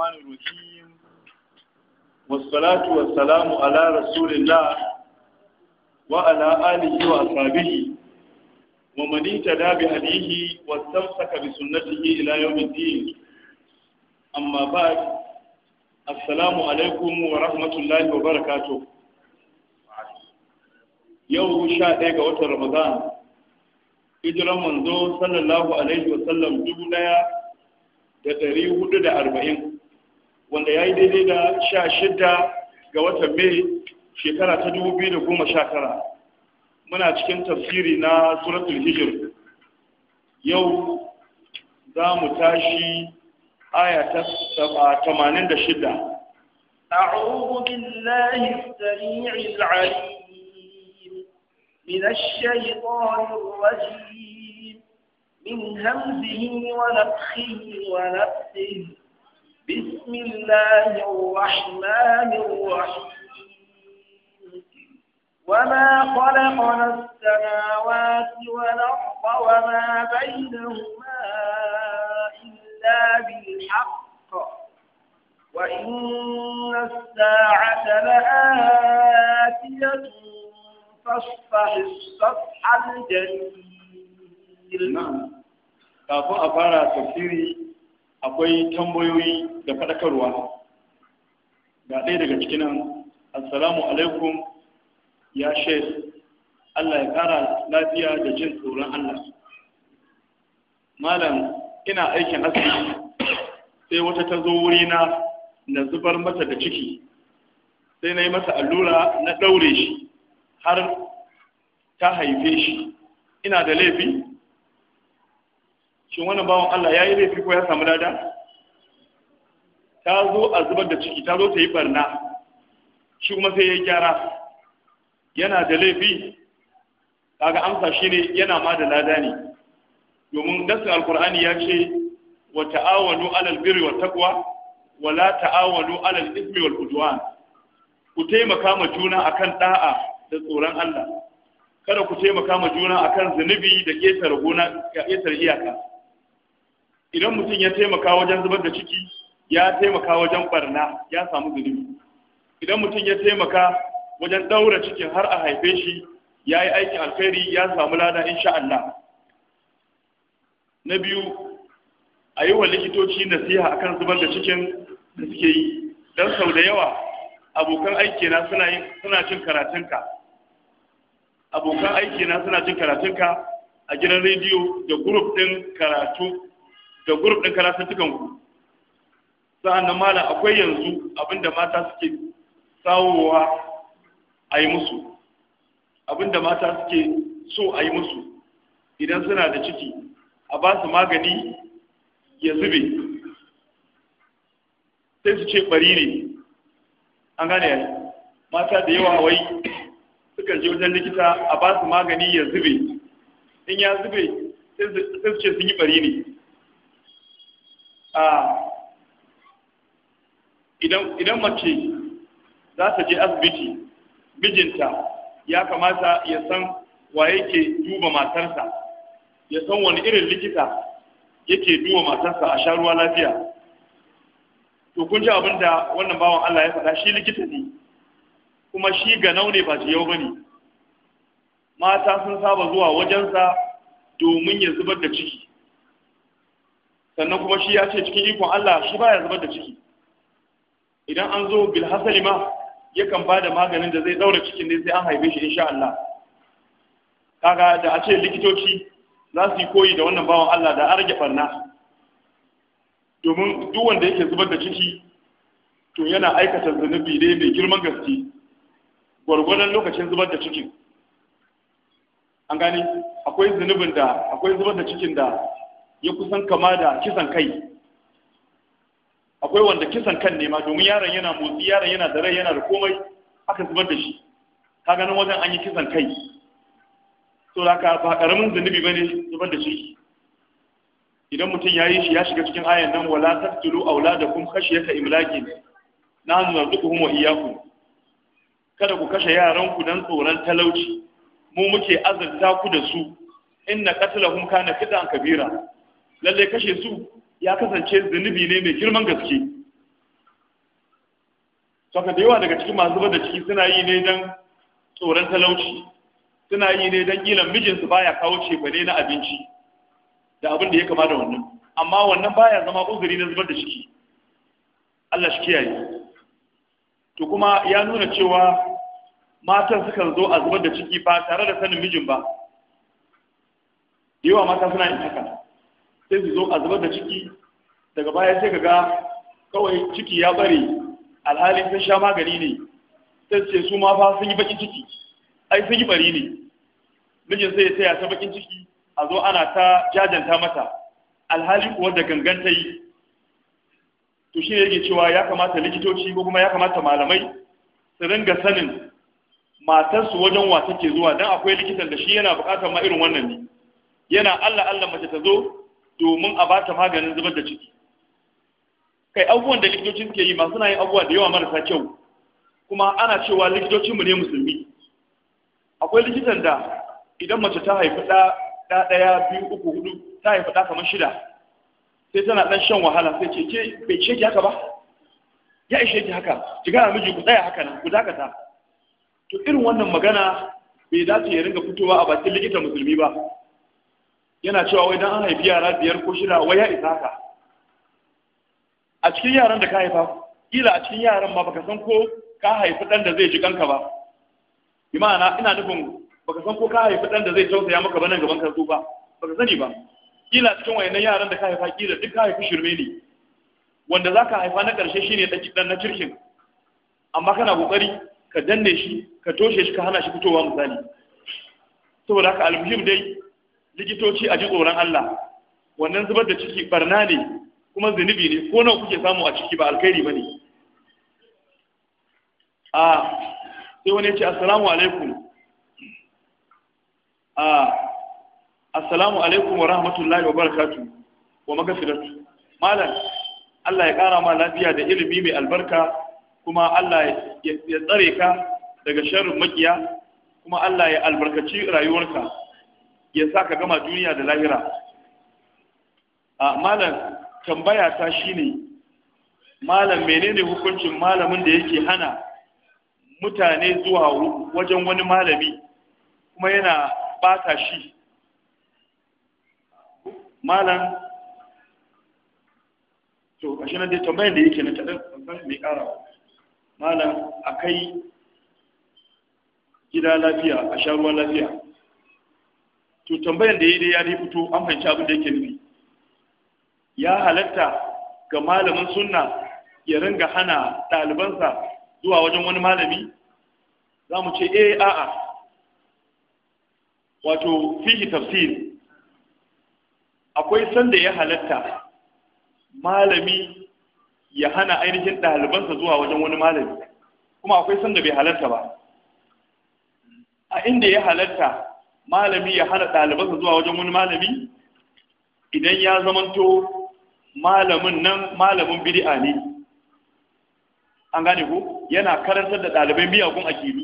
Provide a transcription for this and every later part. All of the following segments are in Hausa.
الرحمن الرحيم والصلاة والسلام على رسول الله وعلى آله وأصحابه ومن اهتدى بهديه واستمسك بسنته إلى يوم الدين أما بعد السلام عليكم ورحمة الله وبركاته يوم sha وقت رمضان watan ramadan hijiran manzo sallallahu alaihi wasallam dubu ɗaya da ɗari hudu da arba'in wanda ya yi daidai da sha shidda ga watan mai shekara ta dubu biyu da goma sha tara muna cikin tafsiri na suratul hijir yau za mu tashi aya ta tamanin da shidda أعوذ بالله السميع العليم من الشيطان الرجيم من همزه ونفخه ونفسه بسم الله الرحمن الرحيم وما خلقنا السماوات والأرض وما بينهما إلا بالحق وإن الساعة لآتية فاصفح الصفح الجليل نعم أفارا تفسيري akwai tambayoyi da faɗakarwa ga ɗaya daga cikin nan assalamu alaikum ya shek Allah ya ƙara lafiya da jin tsoron Allah malam ina aikin asibiti sai wata ta zo wurina na zubar mata da ciki sai na yi masa allura na ɗaure shi har ta haife shi ina da laifi shin wannan bawan Allah ya yi laifi ko ya samu lada ta zo a zubar da ciki ta zo ta yi barna shi kuma sai ya yi gyara yana da laifi kaga amsa shi ne yana ma da lada ne domin dasu alkur'ani ya ce wa ta'awanu alal birri wa taqwa wa la ta'awanu alal ismi wal udwan ku taimaka ma juna akan da'a da tsoron Allah kada ku taimaka ma juna akan zunubi da gona ƙetare iyaka idan mutum ya taimaka wajen zubar da ciki ya taimaka wajen barna ya samu zunubi idan mutum ya taimaka wajen ɗaura cikin har a haife shi ya yi aikin alkhairi ya samu lada insha Allah na biyu a yi wa likitoci nasiha akan zubar da cikin da suke yi don sau da yawa abokan aikina na suna cin karatunka abokan aikina suna cin karatunka a gidan rediyo da grup din karatu da gurub ɗin karatuttukan ku sa'an nan malam akwai yanzu abinda mata suke sawowa a yi musu abinda mata suke so a yi musu idan suna da ciki a ba su magani ya zube sai su ce bari ne an gane ya mata da yawa wai suka je wajen likita a ba su magani ya zube in ya zube sai su ce sun yi bari ne idan mace za ta je asibiti mijinta ya kamata ya san wa yake duba matarsa ya san wani irin likita yake duba matarsa a sha ruwa lafiya to kun ji abin da wannan bawan Allah ya faɗa shi likita ne kuma shi ganau ne ba yau ba ne mata sun saba zuwa wajensa domin ya zubar da ciki sannan kuma shi ya ce cikin ikon Allah shi baya zubar da ciki idan an zo bil hasali ma yakan ba da maganin da zai daura cikin ne sai an haife shi insha Allah kaga da a ce likitoci za su yi koyi da wannan bawan Allah da arge barna domin duk wanda yake zubar da ciki to yana aikata zunubi dai mai girman gaske gwargwadon lokacin zubar da cikin an gani akwai zunubin da akwai zubar da cikin da ya kusan kama da kisan kai akwai wanda kisan kan ne ma domin yaron yana motsi yaron yana da rai yana da komai aka zubar da shi ka ganin wajen an yi kisan kai so da ba karamin zunubi bane zubar da shi idan mutum ya yi shi ya shiga cikin ayan nan wala taqtulu auladakum khashyata imlaqin nahnu narzuquhum wa iyyakum kada ku kashe yaran ku dan tsoron talauci mu muke azurta ku da su inna qatlahum kana fitan kabira Lallai kashe su ya kasance zunubi ne mai girman gaske saka da yawa daga cikin masu zubar da ciki suna yi ne don tsoron talauci suna yi ne don kilan mijinsu baya kawo cefane na abinci da abin da ya kama da wannan amma wannan baya zama uzuri na zubar da ciki Allah shi kiyaye to kuma ya nuna cewa matan sukan zo a zubar da ciki ba tare da sanin mijin ba yawa mata suna yin haka sai su zo a zubar da ciki daga baya sai ga kawai ciki ya bare alhalin sun sha magani ne sai ce su ma fa sun yi bakin ciki ai sun yi bari ne mijin sai ya taya ta bakin ciki a zo ana ta jajanta mata alhali kuwa da gangan ta yi to shi ne yake cewa ya kamata likitoci ko kuma ya kamata malamai su ringa sanin matarsu wajen wa ke zuwa don akwai likitan da shi yana bukatar ma irin wannan ne yana allah allah mace ta zo domin a bata maganin zubar da ciki kai abubuwan da likitocin ke yi masu na yin abubuwa da yawa marasa kyau kuma ana cewa likitocinmu ne musulmi akwai likitan da idan mace ta haifi ɗa ɗaya biyu uku hudu ta haifi ɗa kamar shida sai tana ɗan shan wahala sai ce bai ce ki haka ba ya ishe ki haka ki gana miji ku tsaya haka nan ku dakata to irin wannan magana bai dace ya ringa fitowa a bakin likitan musulmi ba yana cewa wai dan an haifi yara biyar ko shida wai ya isa ka a cikin yaran da ka haifa kila a cikin yaran ma baka san ko ka haifi dan da zai ji kanka ba bi ma'ana ina nufin baka san ko ka haifi dan da zai tausaya maka ba nan gaban ka ba baka sani ba kila cikin wayannan yaran da ka haifa kila duk ka haifi shirme ne wanda zaka haifa na karshe shine dan na cirkin amma kana kokari ka danne shi ka toshe shi ka hana shi fitowa misali saboda haka almuhim dai likitoci a ji tsoron Allah wannan zubar da ciki barna ne kuma zunubi ne ko nawa kuke samu a ciki ba alkhairi ba ne a sai wani ya ce assalamu alaikum a assalamu alaikum wa rahmatullahi wa barakatu wa magafiratu malam Allah ya kara ma lafiya da ilimi mai albarka kuma Allah ya tsare ka daga sharrin makiya kuma Allah ya albarkaci rayuwarka ya sa ka gama duniya da lahira a malam tambaya ta shine malam menene hukuncin malamin da yake hana mutane zuwa wajen wani malami kuma yana bata shi malam to a shi nan dai tambayar da yake na taɗa mai ƙara malam a kai gida lafiya a sha ruwan lafiya to tambayar da ya dai ya rubuto fito an fahimci abin da yake nufi ya halatta ga malamin sunna ya ringa hana ɗalibansa zuwa wajen wani malami za mu ce eh a'a wato fihi tafsir akwai sanda ya halatta malami ya hana ainihin ɗalibansa zuwa wajen wani malami kuma akwai sanda bai halatta ba a inda ya halatta malami ya hana ɗalibansa zuwa wajen wani malami idan ya zamanto malamin nan malamin bid'a ne an gane ko yana karantar da ɗalibai miyagun akidu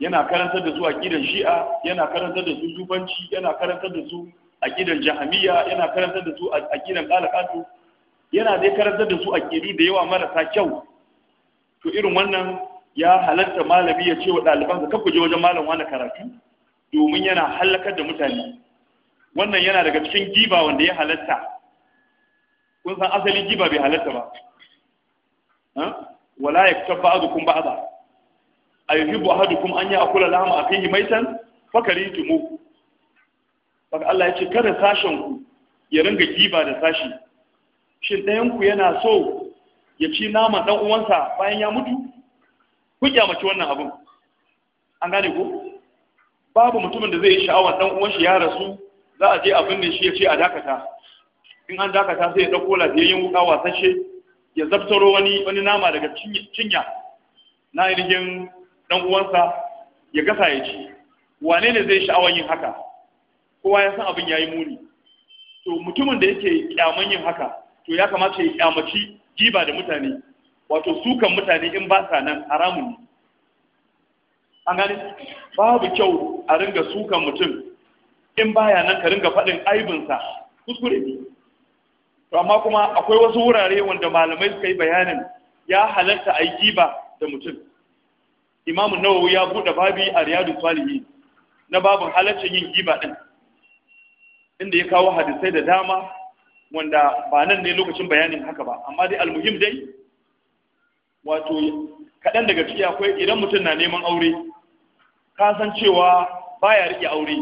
yana karantar da su aƙidan shi'a yana karantar da su zubanci yana karantar da su aƙidan jahamiya yana karantar da su aƙidan ƙalaƙatu yana dai karantar da su aƙidu da yawa marasa kyau to irin wannan ya halatta malami ya ce wa ɗalibansa kan je wajen malam wani karatu domin yana halakar da mutane wannan yana daga cikin giba wanda ya halatta kun san asalin giba bai halatta ba wala ya fitar azu kun aza a yi hibu ahadu kuma an yi akula lahama a kai maitan fakari tumu Baka Allah ya ce kada sashen ku ya ringa giba da sashi shin ɗayanku yana so ya ci naman ɗan uwansa bayan ya mutu kun kyamaci wannan abin an gane ko babu mutumin da zai yi sha'awar dan uwan shi ya rasu za a je abin ne shi ya ce a dakata in an dakata sai ya dauko yin wuka wasashe ya zabtaro wani wani nama daga cinya na ainihin dan uwansa ya gasa ya ci wane ne zai sha'awar yin haka kowa ya san abin yayi muni to mutumin da yake kyaman yin haka to ya kamata ya kyamaci jiba da mutane wato sukan mutane in ba sa nan haramun ne an gani babu kyau a ringa sukan mutum in baya nan ka ringa faɗin aibinsa kuskure ne to amma kuma akwai wasu wurare wanda malamai suka yi bayanin ya halatta a yi giba da mutum imamu nawawi ya buɗe babi a riyadu salihi na babin halaccin yin giba ɗin inda ya kawo hadisai da dama wanda ba nan ne lokacin bayanin haka ba amma dai almuhim dai wato kaɗan daga ciki akwai idan mutum na neman aure ka san cewa baya riƙe aure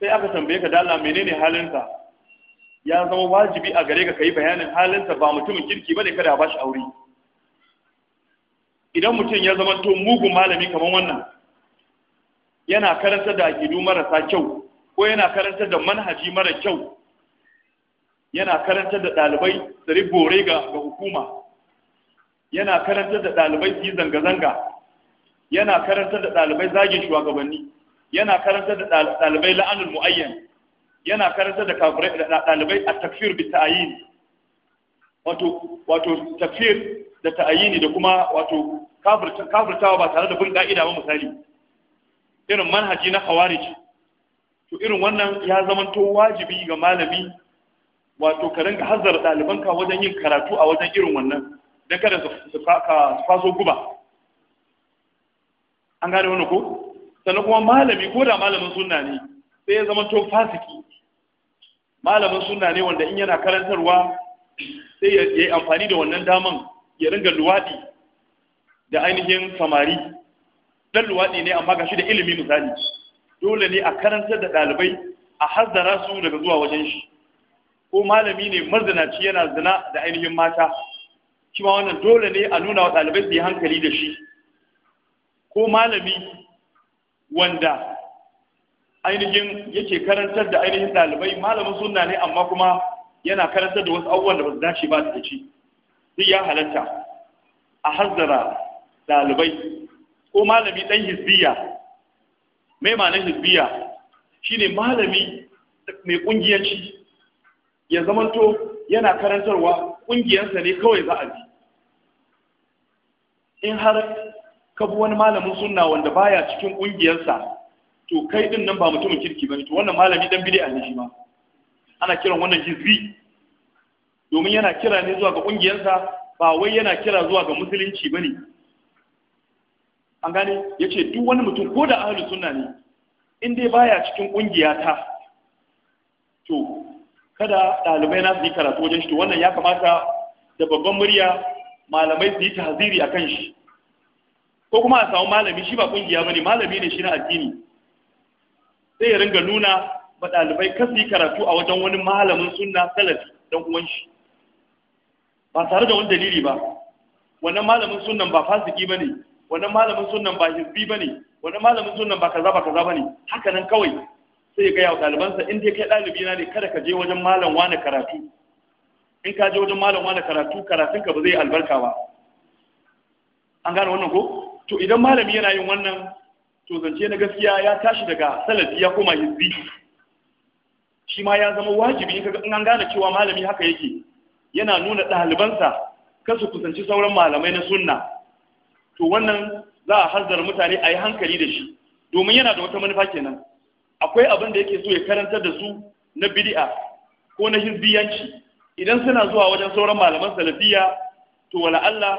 sai aka tambaye ka dala menene halinsa ya zama wajibi a gare ka kai bayanin halinsa ba mutumin kirki bane kada ba shi aure idan mutum ya zama to mugun malami kamar wannan yana karanta da akidu marasa kyau ko yana karanta da manhaji mara kyau yana karanta da ɗalibai tsari bore ga hukuma yana karantar da ɗalibai su yi zanga-zanga yana karantar da ɗalibai zagin shugabanni yana karantar da ɗalibai la'anul mu'ayyan yana karantar da ɗalibai a takfir bi ta'ayini wato wato takfir da ta'ayini da kuma wato kafurtawa ba tare da bin ka'ida ba misali irin manhaji na khawarij to irin wannan ya zama to wajibi ga malami wato ka ringa hanzar ɗalibanka wajen yin karatu a wajen irin wannan don kada su faso guba an gane wani ko sannan kuma malami ko da malamin suna ne sai ya zama to fasiki malamin suna ne wanda in yana karantarwa sai ya yi amfani da wannan daman ya ringa luwaɗi da ainihin samari Ɗan luwaɗi ne amma gashi da ilimi misali dole ne a karantar da ɗalibai a hazzara su daga zuwa wajen shi ko malami ne mazinaci yana zina da ainihin mata cewa wannan dole ne a nuna wa ɗalibai su yi hankali da shi ko malami wanda ainihin yake karantar da ainihin ɗalibai malamin sunna ne amma kuma yana karantar da wasu abubuwan da ba su dace ba da shi duk ya halatta a hazzara ɗalibai ko malami ɗan hizbiya mai Hisbiya hizbiya shine malami mai ƙungiyanci ya zamanto yana karantarwa ƙungiyarsa ne kawai za a bi in har ka bi wani malamin sunna wanda baya cikin ƙungiyarsa to kai din nan ba mutumin kirki bane to wannan malami dan bid'a ne shi ma ana kiran wannan hizbi domin yana kira ne zuwa ga ƙungiyarsa ba wai yana kira zuwa ga musulunci bane an gane yace duk wani mutum ko da ahlus sunna ne in dai baya cikin ƙungiya ta to kada ɗalibai na su yi karatu wajen shi to wannan ya kamata da babban murya malamai su yi tahziri a kan shi ko kuma a samu malami shi ba kungiya ba ne malami ne shi na addini sai ya ringa nuna ba ɗalibai kasu yi karatu a wajen wani malamin sunna salafi don uwan shi ba tare da wani dalili ba wannan malamin sunnan ba fasiki ba ne wannan malamin sunnan ba hizbi ba ne wannan malamin sunnan ba kaza ba kaza ba ne haka kawai sai ya gaya wa ɗalibansa in ya kai ɗalibi na ne kada ka je wajen malam wani karatu in ka je wajen malamwa da karatu karatun ba zai albarka ba an gane wannan ko to idan malami yana yin wannan to zance na gaskiya ya tashi daga salafi ya koma hizbi shi ma ya zama wajibi in an gane cewa malami haka yake yana nuna ɗalibansa kar su kusanci sauran malamai na sunna to wannan za a hanzar mutane a yi hankali da shi domin yana da wata manufa kenan akwai abin da yake so ya karantar da su na bidi'a ko na hizbiyanci idan suna zuwa wajen sauran malaman salafiya to wala Allah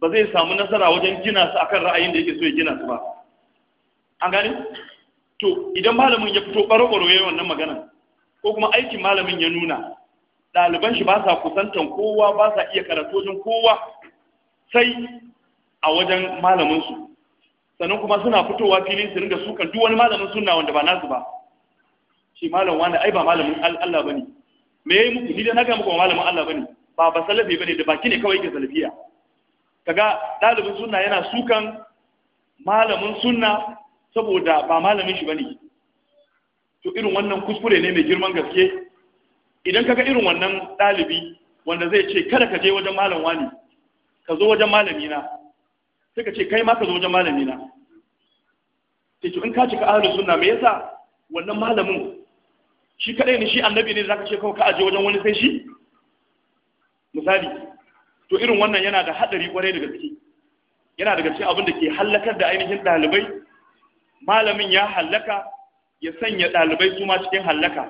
ba zai samu nasara wajen gina su akan ra'ayin da yake so ya gina su ba an gane to idan malamin ya fito baro-baro ya wannan magana ko kuma aikin malamin ya nuna ɗaliban shi ba sa kusantan kowa ba sa iya karatu kowa sai a wajen malaminsu sannan kuma suna fitowa filin su ringa sukan duk wani malamin sunna wanda ba nasu ba shi malam wani ai ba malamin Allah bane me yayi muku ni dai na ga muku malamin Allah bane ba ba salafi bane da baki ne kawai yake salafiya kaga dalibin sunna yana sukan malamin sunna saboda ba malamin shi bane to irin wannan kuskure ne mai girman gaske idan kaga irin wannan dalibi wanda zai ce kada ka je wajen malam wani ka zo wajen malami na sai ka ce kai ma ka zo wajen malami na sai to in ka cika ahlus sunna me yasa wannan malamin shi kaɗai ne shi annabi ne zaka ce kawai ka aje wajen wani sai shi misali to irin wannan yana da haɗari kwarai da gaske yana da gaske abin da ke hallakar da ainihin ɗalibai. malamin ya hallaka ya sanya ɗalibai su ma cikin hallaka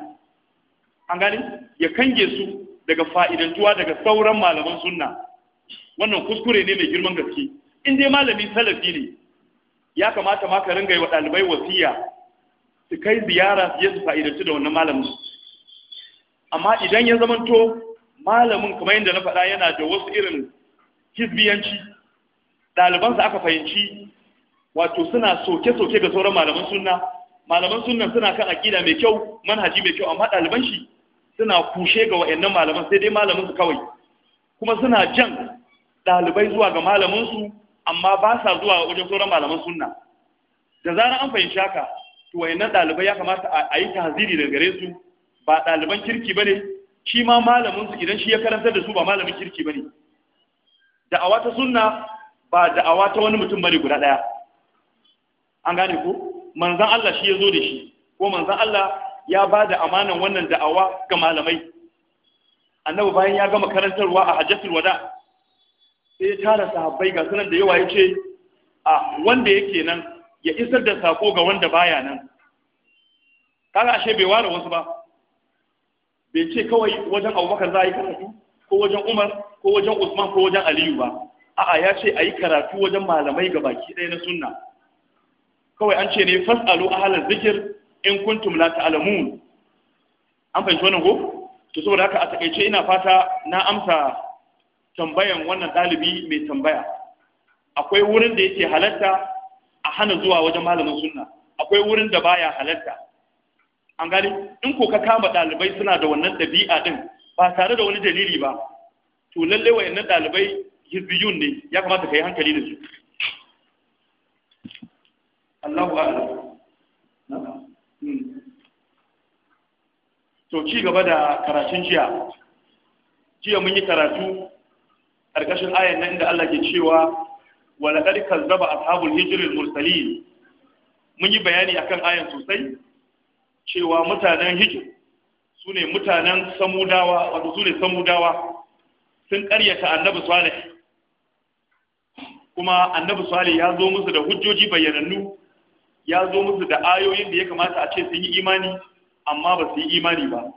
an gani ya kange su daga fa'idantuwa daga sauran malaman sunna wannan kuskure ne mai girman gaske in dai malami salafi ne ya kamata ma ka ringa yi wa ɗalibai wasiya su kai ziyara su yi su fa'idanci da wannan malamin amma idan ya zamanto malamin kamar yadda na faɗa yana da wasu irin hisbiyanci. ɗalibansa aka fahimci wato suna soke-soke ga sauran malaman sunna malaman sunna suna kan aƙida mai kyau manhaji mai kyau amma ɗaliban shi suna kushe ga wa'yannan malaman sai dai malamin su kawai kuma suna jan ɗalibai zuwa ga malamin su amma ba sa zuwa wajen sauran malaman sunna da zarar an fahimci haka to wayannan ɗalibai ya kamata a yi tahziri daga gare su ba ɗaliban kirki ba ne, shi ma malamin su idan shi ya karantar da su ba malamin kirki ba bane da'awa ta sunna ba da'awa ta wani mutum ne guda ɗaya an gane ko manzan Allah shi ya zo da shi ko manzan Allah ya ba da amanan wannan da'awa ga malamai annabi bayan ya gama karantarwa a hajjatul wada sai ya tara sahabbai ga sunan da yawa ya ce a wanda yake nan ya isar da sako ga wanda baya nan kaga ashe bai ware wasu ba bai ce kawai wajen abubakar za a yi karatu ko wajen umar ko wajen usman ko wajen aliyu ba a'a ya ce a yi karatu wajen malamai ga baki ɗaya na sunna kawai an ce ne fasalu ahalar zikir in kuntum la ta'lamun an fahimci wannan ko to saboda haka a takaice ina fata na amsa tambayan wannan dalibi mai tambaya akwai wurin da yake halatta a hana zuwa wajen malamin sunna akwai wurin da baya halarta an gani in ko ka kama ɗalibai suna da wannan dabi'a ɗin ba tare da wani dalili ba to lallai wayannan ɗalibai hizbiyun ne ya kamata ka yi hankali da su Allahu a'lam to ci gaba da karatun jiya jiya mun yi karatu ƙarƙashin ayan nan da Allah ke cewa wa kadi kazzaba ashabul hijr al mursalin mun yi bayani akan ayan sosai cewa mutanen hijr sune mutanen samudawa wato sune samudawa sun karyata annabi salih kuma annabi salih ya zo musu da hujjoji bayyanannu ya zo musu da ayoyin da ya kamata a ce sun yi imani amma ba su yi imani ba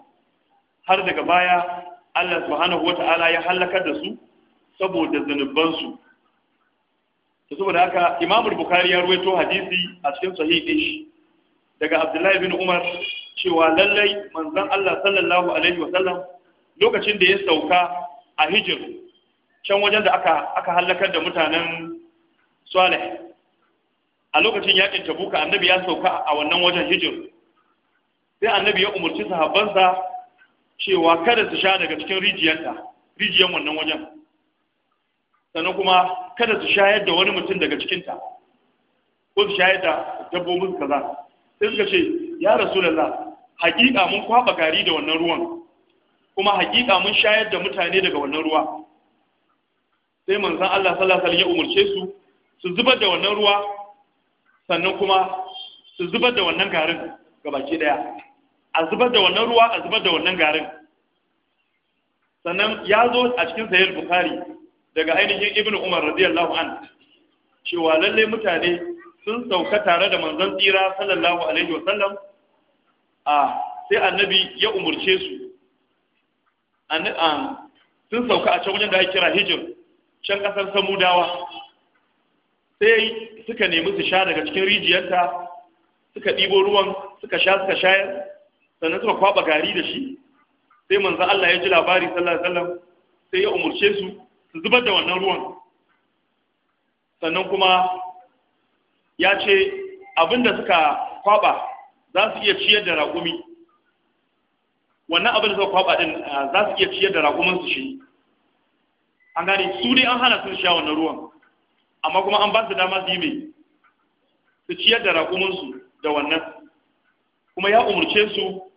har daga baya Allah subhanahu wata'ala ya hallakar da su saboda zunubansu to saboda haka Imam bukari ya ruwaito hadisi a cikin sahih shi daga Abdullahi bin Umar cewa lallai manzon Allah sallallahu alaihi wa sallam lokacin da ya sauka a hijir can wajen da aka aka halakar da mutanen Saleh a lokacin yakin Tabuka annabi ya sauka a wannan wajen hijir sai annabi ya umarci sahabbansa cewa kada su sha daga cikin rijiyarta rijiyar wannan wajen sannan kuma kada su shayar da wani mutum daga cikinta ko su shayar da dabbobin kaza sai suka ce ya rasulullah hakika mun kwaba gari da wannan ruwan kuma hakika mun shayar da mutane daga wannan ruwa sai manzon Allah sallallahu alaihi wasallam ya umarce su su zubar da wannan ruwa sannan kuma su zubar da wannan garin ga baki daya a zubar da wannan ruwa a zubar da wannan garin sannan ya zo a cikin sahih bukhari daga ainihin Ibn umar radiyallahu an cewa lalle mutane sun sauka tare da manzon tsira sallallahu alaihi wasallam a sai annabi ya umurce su sun sauka a can wajen da ake kira hijir can kasar samudawa sai suka nemi su sha daga cikin rijiyarta suka ɗibo ruwan suka sha suka shayar sannan suka kwaba gari da shi sai manzo Allah ya ji labari sallallahu alaihi wasallam sai ya umurce su su zubar da wannan ruwan sannan kuma ya ce abinda suka kwaba za su iya ciyar da raƙumi wannan abin da suka kwaba din ah, za su iya ciyar da raƙumin su shi an gane su dai an hana sun sha wannan ruwan amma kuma an ba su dama su yi mai su ciyar da raƙumin su da wannan kuma ya umarce su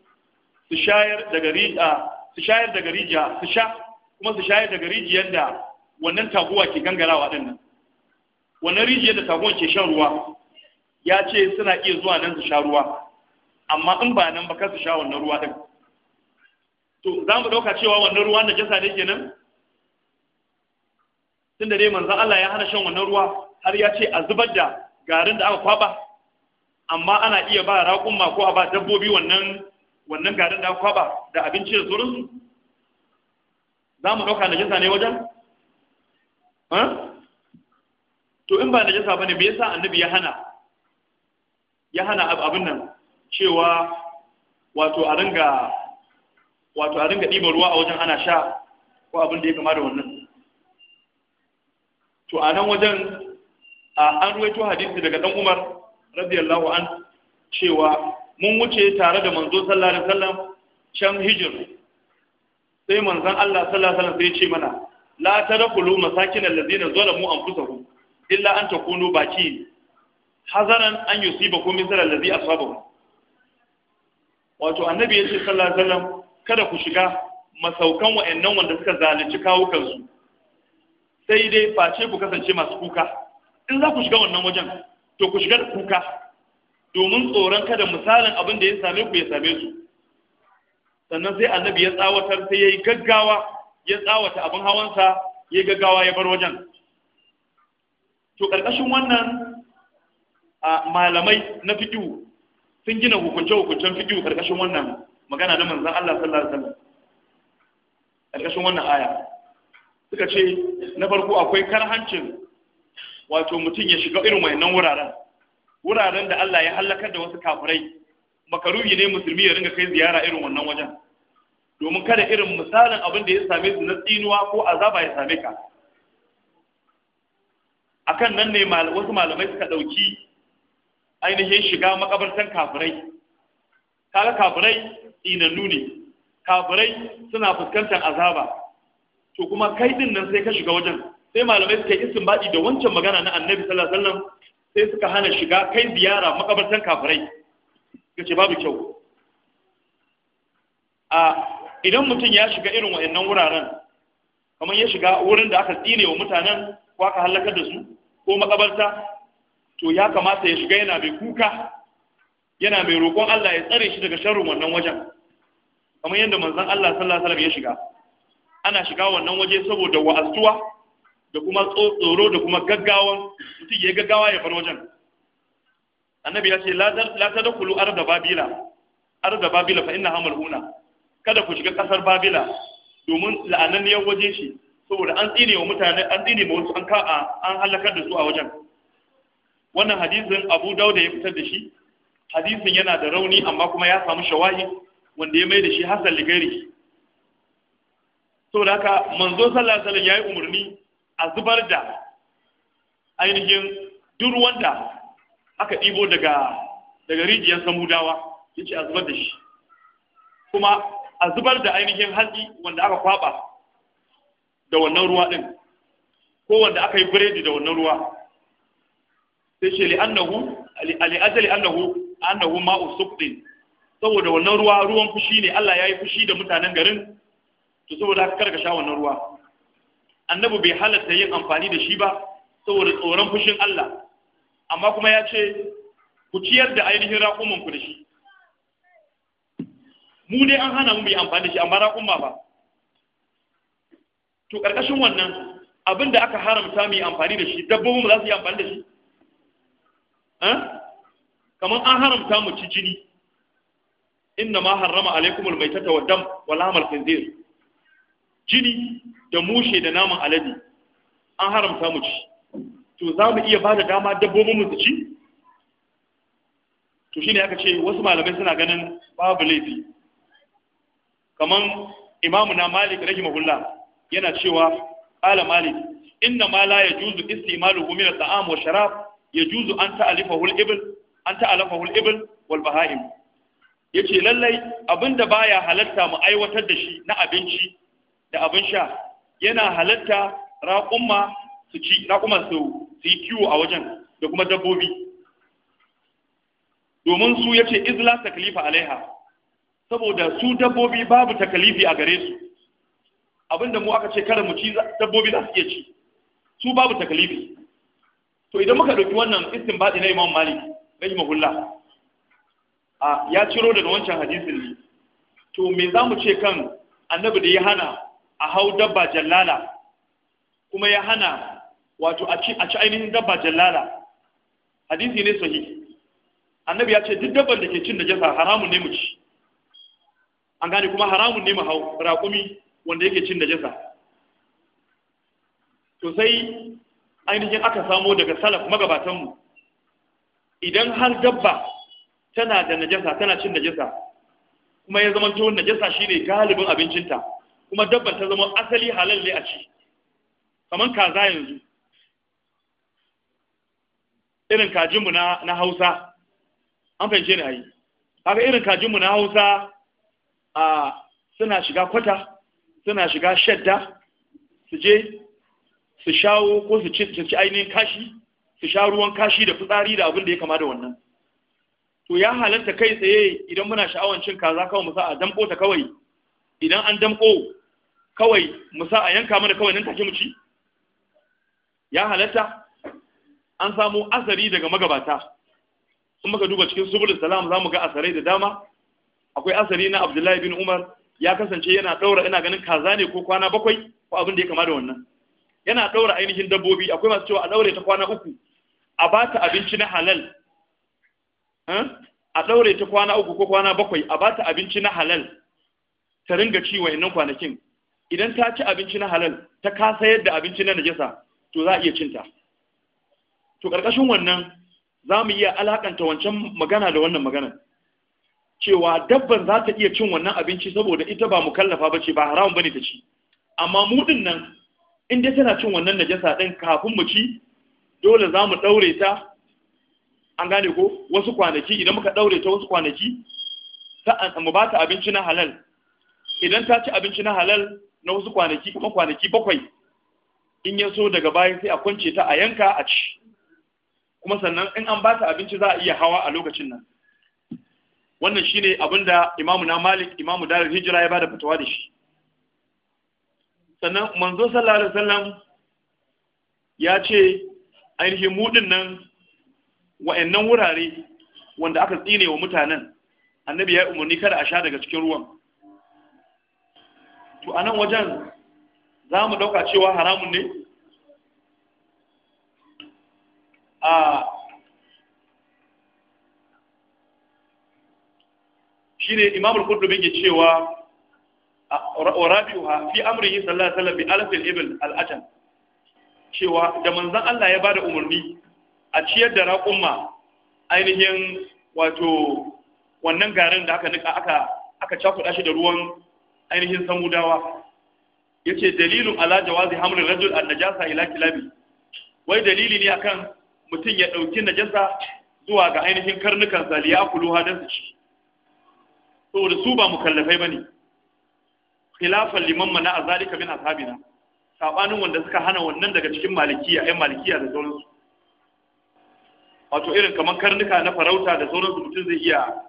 su shayar daga rijiya ah, su shayar daga rijiya su sha kuma su shayar daga rijiyar da wannan taguwa ke gangarawa din nan wannan rijiyar da taguwa ke shan ruwa ya ce suna iya zuwa nan su sha ruwa amma in ba nan ba kar su sha wannan ruwa din to za mu dauka cewa wannan ruwa na jasa ne kenan tunda dai manzon Allah ya hana shan wannan ruwa har ya ce a zubar da garin da aka kwaba amma ana iya ba raƙumma ko a ba dabbobi wannan garin da aka kwaba da abinci da sauransu za mu ɗauka najasa ne wajen? to in ba najasa ba ne me yasa annabi ya hana ya hana abin nan cewa wato a ringa wato a ringa ɗiba ruwa a wajen ana sha ko abin da ya kama da wannan to a nan wajen an ruwaito hadisi daga ɗan umar radiyallahu an cewa mun wuce tare da manzo sallallahu alaihi wasallam can hijir sai manzan Allah sallallahu alaihi wasallam sai ya ce mana la tadkhulu masakin allazina zalamu anfusahum illa an takunu baki hazaran an yusibakum misal allazi asabahu wato annabi yace sallallahu alaihi wasallam kada ku shiga masaukan wa'annan wanda suka zalunci kawukansu sai dai face ku kasance masu kuka in za ku shiga wannan wajen to ku shiga da kuka domin tsoron kada misalin abin da ya same ku ya same su sannan sai annabi ya tsawatar sai ya yi gaggawa ya tsawata abin hawansa ya yi gaggawa ya bar wajen to ƙarƙashin wannan a malamai na fiƙihu sun gina hukunce-hukuncen fiƙihu ƙarƙashin wannan magana na manzan Allah sallallahu alaihi wasallam ƙarƙashin wannan aya suka ce na farko akwai karhancin wato mutum ya shiga irin wayannan wuraren wuraren da Allah ya halakar da wasu kafirai makaruhi ne musulmi ya ringa kai ziyara irin wannan wajen domin kada irin misalin abin da ya same su na tsinuwa ko azaba ya same ka akan nan ne wasu malamai suka ɗauki ainihin shiga makabartan kafirai kaga kafirai tsinannu ne kafirai suna fuskantar azaba to kuma kai din nan sai ka shiga wajen sai malamai suka yi istinbadi da wancan magana na annabi sallallahu alaihi wasallam sai suka hana shiga kai ziyara makabartan kafirai yace babu kyau a idan mutum ya shiga irin wa'annan wuraren kamar ya shiga wurin da aka tsine wa mutanen ko aka halakar da su ko makabarta to ya kamata ya shiga yana mai kuka yana mai roƙon Allah ya tsare shi daga sharrin wannan wajen kamar yadda manzon Allah sallallahu alaihi wasallam ya shiga ana shiga wannan waje saboda wa'azuwa da kuma tsoro da kuma gaggawa. mutum ya gaggawa ya bar wajen annabi ya ce la dakulu arda babila arda babila fa hamal huna. kada ku shiga kasar babila domin ya waje shi saboda an tsine wa mutane an tsine ma wasu an ka an halakar da su a wajen wannan hadisin Abu dauda ya fitar da shi hadisin yana da rauni amma kuma ya samu shawahi wanda ya mai da shi hasan ligari saboda haka manzo sallallahu alaihi wasallam yayi umarni a zubar da ainihin duk wanda aka ɗibo daga rijiyar samudawa ya ce a zubar da shi kuma a zubar da ainihin hatsi wanda aka kwaba da wannan ruwa ɗin ko wanda aka yi biredi da wannan ruwa sai ce li'annahu li'ajali annahu annahu ma'u sufdin saboda wannan ruwa ruwan fushi ne Allah ya yi fushi da mutanen garin to saboda aka karka sha wannan ruwa Annabu bai halatta yin amfani da shi ba saboda tsoron fushin Allah amma kuma ya ce ku ciyar da ainihin raƙumin ku da shi mu dai an hana mu mai amfani da shi amma raƙumma ba to ƙarƙashin wannan abin da aka haramta mai amfani da shi dabbobin mu za su yi amfani da shi eh? kamar an haramta mu ci jini inna ma harrama alaikumul mai wa dam wa lahmal jini da mushe da naman alade an haramta mu ci to za mu iya ba da dama dabbobin mu su ci to shine aka ce wasu malamai suna ganin babu laifi kaman imamu na malik rahimahullah yana cewa ala malik inna ma la yajuzu istimaluhu min at-ta'am wa sharab yajuzu an ta'alifahu al-ibl an ta'alafahu al-ibl wal baha'im yace lallai abinda baya halatta mu aiwatar da shi na abinci da abin sha yana halatta raƙumma su ci su su yi kiwo a wajen da kuma dabbobi domin su ya ce izla taklifa alaiha saboda su dabbobi babu takalifi a gare su abinda mu aka ce kada mu ci dabbobi za su iya ci su babu takalifi to idan muka ɗauki wannan baɗi na imam malik rahimahullah a ya ciro daga wancan hadisin ne to me za mu ce kan annabi da ya hana a hau dabba jallala kuma ya hana wato a ci ainihin dabba jallala hadisi ne sahi annabi ya ce duk dabbar da ke cin da jasa haramun ne mu ci an gane kuma haramun ne mu hau raƙumi wanda yake cin da jasa. to sai ainihin aka samo daga salaf magabatanmu idan har dabba tana da najasa tana cin najasa kuma ya zama tuwon najasa shine galibin abincinta kuma dabban ta zama asali halal ne a ci kamar kaza yanzu irin kajinmu na na Hausa an fahimce ni ayi kaga irin kajinmu na Hausa a suna shiga kwata suna shiga shadda su je su shawo ko su ci ainihin kashi su sha ruwan kashi da fitsari da abin da ya kama da wannan to ya halarta kai tsaye idan muna sha'awar cin kaza kawai musa a damko ta kawai idan an damko kawai musa a yanka mana kawai nan take mu ci ya halarta an samu asari daga magabata in muka duba cikin subulus salam za mu ga asarai da dama akwai asari na abdullahi bin umar ya kasance yana daura ina ganin kaza ne ko kwana bakwai ko abin da ya kama da wannan yana daura ainihin dabbobi akwai masu cewa a daure ta kwana uku a ba abinci na halal a daure ta kwana uku ko kwana bakwai a bata abinci na halal ta ringa ci wa wa'annan kwanakin idan ta ci abinci na halal ta kasa yadda abinci na najasa to za a iya cinta to ƙarƙashin wannan za mu iya alaƙanta wancan magana da wannan magana cewa dabban za ta iya cin wannan abinci saboda ita ba mu kallafa ba ce ba haramun ba ne ta ci amma mu nan in tana cin wannan najasa ɗin kafin mu ci dole za mu ɗaure ta an gane ko wasu kwanaki idan muka ɗaure ta wasu kwanaki mu ba ta abinci na halal idan ta ci abinci na halal na wasu kwanaki kuma kwanaki bakwai in ya so daga baya sai a kwance ta a yanka a ci kuma sannan in an ba ta abinci za a iya hawa a lokacin nan wannan shine abin da imamu na malik imamu dalar hijira ya bada fatawa da shi sannan manzo sallallahu alaihi wasallam ya ce ainihin mudin nan wa'annan wurare wanda aka tsine wa mutanen annabi ya umarni kada a sha daga cikin ruwan to anan wajen za mu ɗauka cewa haramun ne a imamul imam al-qurtubi ke cewa wa rabi'uha fi amrihi sallallahu alaihi wasallam bi alfil ibil cewa da manzon Allah ya bada umarni a ciyar da raƙumma ainihin wato wannan garin da aka nika aka aka cakuɗa shi da ruwan ainihin samudawa yace dalilin ala jawazi haml rajul an najasa ila kilabi wai dalili ne akan mutum ya ɗauki najasa zuwa ga ainihin karnukan saliya a kuluha don su ci saboda su ba mukallafai ba ne khilafan liman mana a zalika min ashabina sabanin wanda suka hana wannan daga cikin malikiya ƴan malikiya da sauransu wato irin kamar karnuka na farauta da sauransu mutum zai iya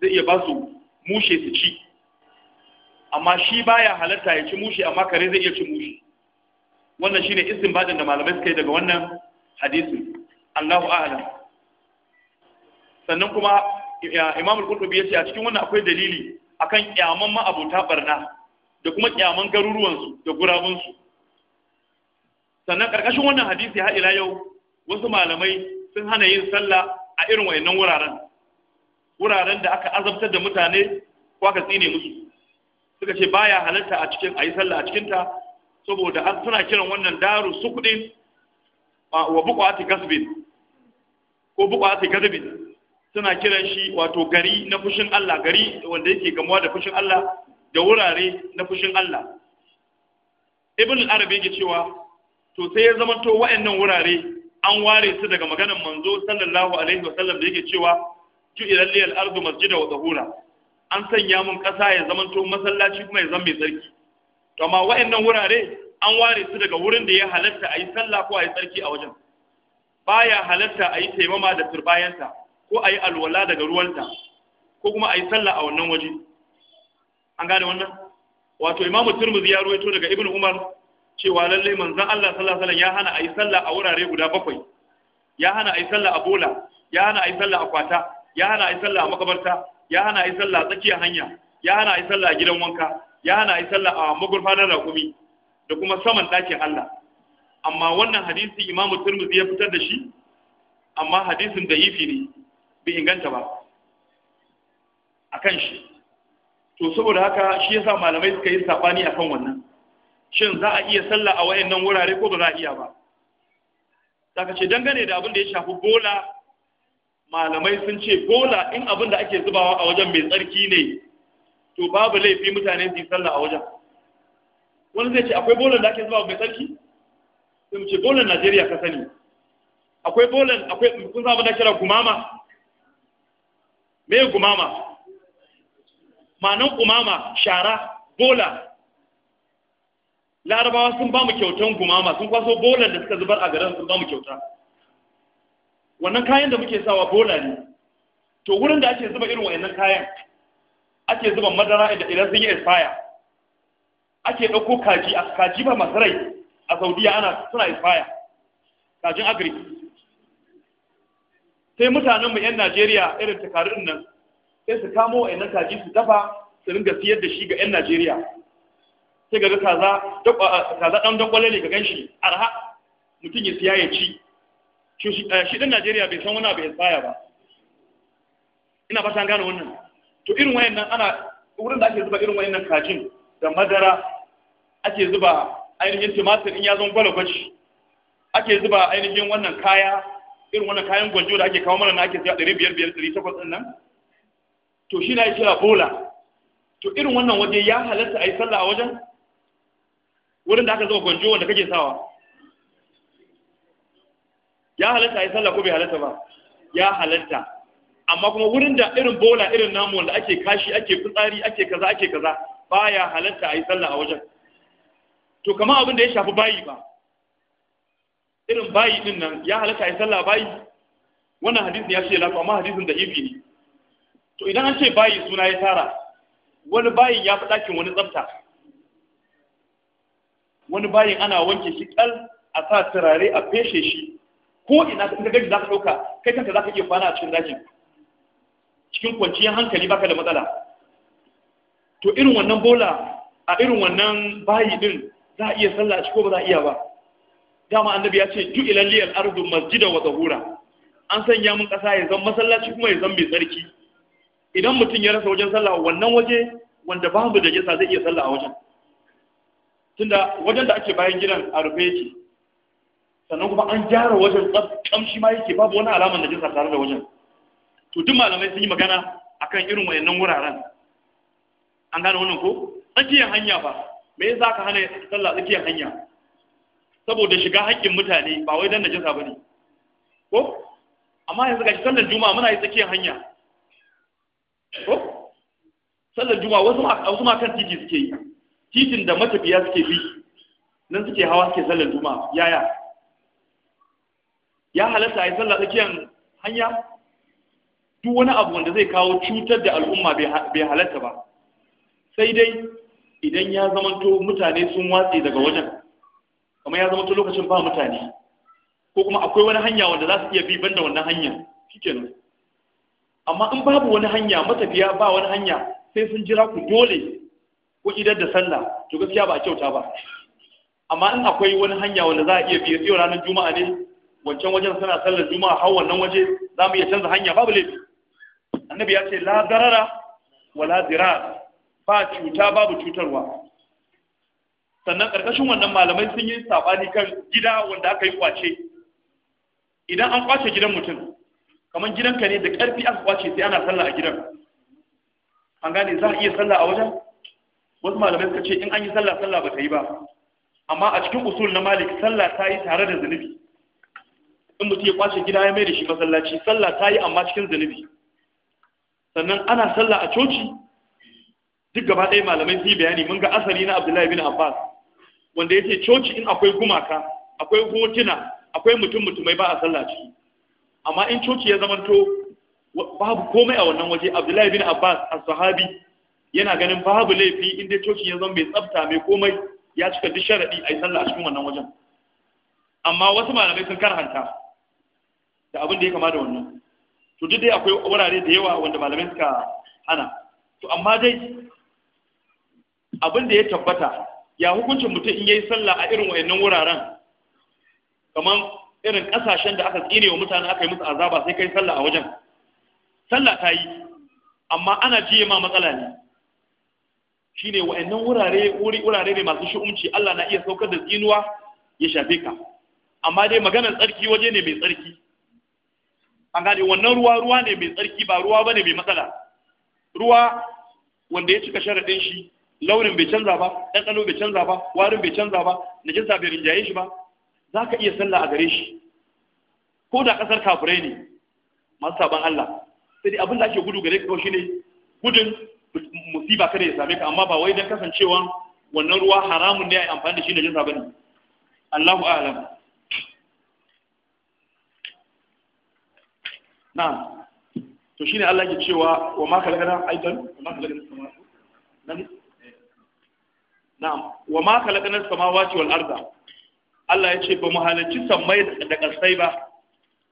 zai iya ba su mushe su ci amma shi baya halatta ya ci mushe amma kare zai iya ci mushe wannan shine badin da malamai suka yi daga wannan hadisin Allahu a'lam sannan kuma Imam al-Qurtubi yace a cikin wannan akwai dalili akan kyaman ma'abuta barna da kuma kyaman garuruwansu da su sannan karkashin wannan hadisi har ila yau wasu malamai sun hana yin sallah a irin wayannan wuraren wuraren da aka azabtar da mutane ko aka tsine musu suka ce baya halatta a cikin ayi sallah a cikin ta saboda an suna kiran wannan daru su kudin wa buqati kasbin ko buƙa ta gadabin suna kiran shi wato gari na fushin Allah gari wanda yake gamuwa da fushin Allah da wurare na fushin Allah ibn al-arabi yake cewa to sai ya zama to wayannan wurare an ware su daga maganar manzo sallallahu alaihi wasallam da yake cewa ju'ilal liyal ardu masjida wa tahura an sanya mun kasa ya zama to masallaci kuma ya zama mai tsarki to amma wayannan wurare an ware su daga wurin da ya halatta a yi sallah ko a yi tsarki a wajen baya halatta a yi taimama da turbayanta ko a yi alwala daga ruwanta ko kuma a yi sallah a wannan waje an gane wannan wato imamu turmuzi ya ruwaito daga ibn umar cewa lallai manzon Allah sallallahu alaihi ya hana a yi sallah a wurare guda bakwai ya hana a yi sallah a bola ya hana a yi sallah a kwata ya hana a yi sallah a makabarta ya hana a yi sallah a tsakiyar hanya ya hana a yi sallah a gidan wanka ya hana a yi sallah a magurfanar rakumi da kuma saman ɗakin Allah amma wannan hadisi imamu turmuzi ya fitar da shi amma hadisin da yifi ne bai inganta ba a kan shi to saboda haka shi yasa malamai suka yi sabani akan wannan shin za a iya sallah a nan wurare ko ba za a iya ba saka ce dangane da abin da ya shafi bola malamai sun ce bola in abin da ake zubawa a wajen mai tsarki ne to babu laifi mutane su yi sallah a wajen wani zai ce akwai bola da ake zubawa mai tsarki sai ce bolan Najeriya ka sani akwai bolan akwai kun samu na kira gumama me gumama ma'anan gumama shara bola larabawa sun ba mu kyautan gumama sun kwaso bolan da suka zubar a garin sun ba mu kyauta wannan kayan da muke sawa bola ne to wurin da ake zuba irin wayannan kayan ake zuba madara idan sun yi expire ake ɗauko kaji a kaji ba masu rai a saudiya ana suna ispaya kajin agri sai mutanenmu 'yan najeriya irin takarun nan sai su kamo wa'annan kaji su dafa su ringa siyar da shi ga 'yan najeriya sai ga kaza ɗan dangwale ne ga ganshi arha mutum ya siya ya ci shi eh, ɗin najeriya bai san wani bai ispaya ba ina fata gane wannan to irin wayannan ana wurin da ake zuba irin wayannan kajin da madara ake zuba ainihin tumatir in ya zama gwalagwaci ake zuba ainihin wannan kaya irin wannan kayan gwanjo da ake kawo mana na ake zuwa ɗari biyar biyar ɗari takwas ɗin nan to shi na ya kira bola to irin wannan waje ya halatta a yi sallah a wajen wurin da aka zuba gwanjo wanda kake sawa ya halatta a yi sallah ko bai halatta ba ya halatta amma kuma wurin da irin bola irin namu wanda ake kashi ake fitsari ake kaza ake kaza baya halatta a yi sallah a wajen to kamar abin da ya shafi bayi ba irin bayi din nan ya halatta ya sallah bayi wannan hadisin ya ce lafi amma hadisin da ibi ne to idan an ce bayi suna ya tara wani bayi ya fi ɗakin wani tsafta wani bayi ana wanke shi kal a sa turare a feshe shi ko ina ga gaji za ka ɗauka kai kanka za ka iya kwana a cikin dakin cikin kwanciyar hankali baka da matsala to irin wannan bola a irin wannan bayi din za a iya sallah a ciko ko ba za a iya ba dama annabi ya ce ju ilal liyal ardu masjida wa tahura an sanya mun kasa ya zan masallaci kuma ya zama mai tsarki idan mutum ya rasa wajen sallah wannan waje wanda babu da jisa zai iya sallah a wajen tunda wajen da ake bayan gidan a rufe yake sannan kuma an gyara wajen kamshi ma yake babu wani alamar da jisa tare da wajen to duk malamai sun yi magana akan irin wayannan wuraren an gane wannan ko an tsakiyar hanya ba. me yasa ka hana sallah tsakiyar hanya saboda shiga haƙƙin mutane ba wai dan najasa bane ko amma yanzu gashi sallar juma'a muna yi tsakiyar hanya ko sallar juma'a wasu ma wasu ma kan titi suke yi titin da matafiya suke bi nan suke hawa suke sallar juma'a yaya ya halatta yi sallar tsakiyar hanya duk wani abu wanda zai kawo cutar da al'umma bai halatta ba sai dai idan ya zamanto mutane sun watse daga wajen kamar ya zamanto lokacin ba mutane ko kuma akwai wani hanya wanda za su iya bi banda wannan hanya nan. amma in babu wani hanya matafiya ba wani hanya sai sun jira ku dole ko idar da sallah to gaskiya ba a kyauta ba amma in akwai wani hanya wanda za a iya biya yau ranar juma'a ne wancan wajen suna sallar juma'a har wannan waje za mu iya canza hanya babu laifi annabi ya ce la darara wala dirar ba cuta babu cutarwa sannan ƙarƙashin wannan malamai sun yi saɓani kan gida wanda aka yi kwace idan an kwace gidan mutum kamar gidanka ne da ƙarfi aka kwace sai ana sallah a gidan an gane za a iya sallah a wajen wasu malamai suka ce in an yi sallah sallah ba ta yi ba amma a cikin usul na malik sallah ta yi tare da zunubi in mutum ya kwace gida ya mai da shi masallaci sallah ta yi amma cikin zunubi sannan ana sallah a coci duk gaba ɗaya malamai yi bayani mun ga asali na abdullahi bin abbas wanda ya ce coci in akwai gumaka akwai hotuna akwai mutum mutumai ba a sallah ciki amma in coci ya zamanto babu komai a wannan waje abdullahi bin abbas as-sahabi yana ganin babu laifi in dai coci ya zama mai tsafta mai komai ya cika duk sharadi a yi sallah a cikin wannan wajen amma wasu malamai sun karhanta da abin da ya kama da wannan to duk dai akwai wurare da yawa wanda malamai suka hana to amma dai abin da ya tabbata ya hukuncin mutum in yayi sallah a irin wayannan wuraren kamar irin kasashen da aka tsine wa mutane aka yi musu azaba sai kai sallah a wajen sallah ta yi amma ana jiye ma matsala ne shine wayannan wurare wurare ne masu shi'umci Allah na iya saukar da tsinuwa ya shafe ka amma dai maganar tsarki waje ne mai tsarki an gane wannan ruwa ruwa ne mai tsarki ba ruwa bane mai matsala ruwa wanda ya cika sharadin shi laurin bai canza ba ɗanɗano bai canza ba warin bai canza ba najasa bai rinjaye shi ba za ka iya sallah a gare shi ko da ƙasar kafirai ne masu sabon Allah sai dai abin da ake gudu gare ka shi ne, gudun musiba kada ya same ka amma ba wai don kasancewa wannan ruwa haramun ne a yi amfani da shi najasa ba ne Allahu a'lam na to shine Allah ke cewa wa ma kalgana aidan wa ma kalgana sama'u na'am wa ma khalaqna samawati wal arda Allah ya ce ba mu halarci sammai da ƙasai ba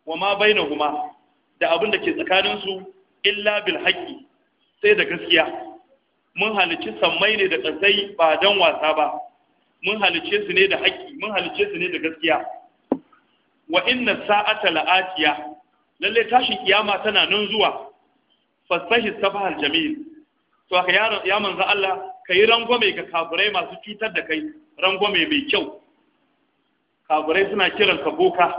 wa ma bainahuma da abin da ke tsakanin su illa bil haqqi sai da gaskiya mun halicci sammai ne da ƙasai ba dan wasa ba mun halicce su ne da haƙƙi mun halicce su ne da gaskiya wa inna sa'ata la'atiya lalle tashin kiyama tana nan zuwa fasahi safahal jamil to aka ya manzo Allah ka yi rangwame ga kaburai masu cutar da kai rangwame mai kyau kaburai suna kiran ka boka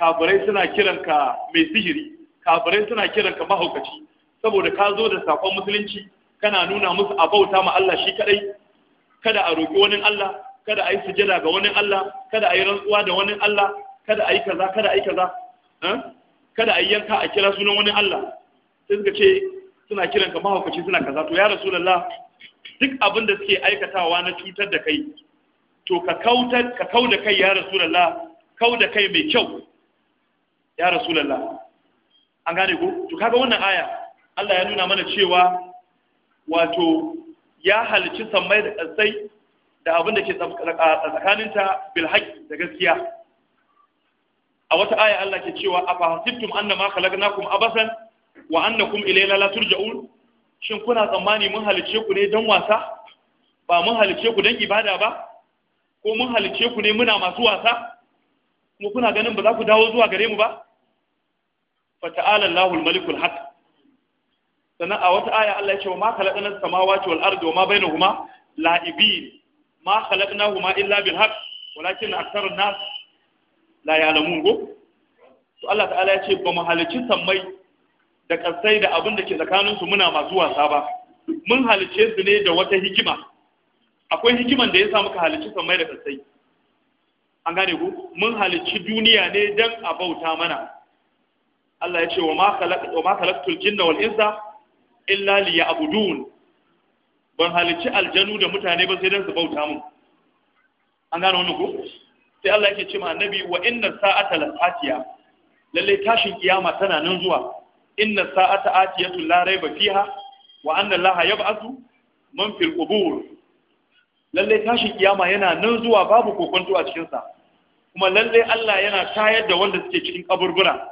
kaburai suna kiran ka mai sihiri kaburai suna kiran ka mahaukaci saboda ka zo da sakon musulunci kana nuna musu a bauta ma Allah shi kadai kada a roƙi wani Allah kada a yi sujada ga wani Allah kada a yi rantsuwa da wani Allah kada a yi kaza kada a yi kaza eh? kada a yi yanka a kira sunan wani Allah sai suka ce suna kiran ka mahaukaci suna kaza to ya rasulullah duk abin da suke aikatawa na cutar da kai to ka kautar ka kau da kai ya rasulullah kau da kai mai kyau ya rasulullah an gane ko to kaga wannan aya Allah ya nuna mana cewa wato ya halici sammai da ƙasai da abin da ke tsakaninta bil haqq da gaskiya a wata aya Allah ke cewa afa hasibtum annama khalaqnakum abasan wa annakum ilayna la turja'un shin kuna tsammani mun halice ku ne don wasa ba mun halice ku don ibada ba ko mun halice ku ne muna masu wasa kuma kuna ganin ba za ku dawo zuwa gare mu ba ta'ala Allahul malikul haq sannan a wata aya Allah ya ce ma khalaqna samawati wal ardi wa ma bainahuma la'ibin ma khalaqnahuma illa bil haqq walakin aktharun nas la ya'lamun go to Allah ta'ala ya ce ba mu halicci sammai da ƙasai da abin da ke tsakaninsu muna masu wasa ba mun halice su ne da wata hikima akwai hikiman da ya sa muka halici sammai da ƙasai an gane ku mun halici duniya ne don a bauta mana Allah ya ce wa ma khalaqtul jinna wal insa illa liya'budun ban halici aljanu da mutane ba sai don su bauta mun an gane wannan ku sai Allah yake ce ma annabi wa inna sa'ata lasatiya lalle tashin kiyama tana nan zuwa inna sa'ata atiyatu la rayba fiha wa anna allaha yab'athu man fil qubur lalle tashin kiyama yana nan zuwa babu kokonto a cikin sa kuma lalle Allah yana tayar da wanda suke cikin kaburbura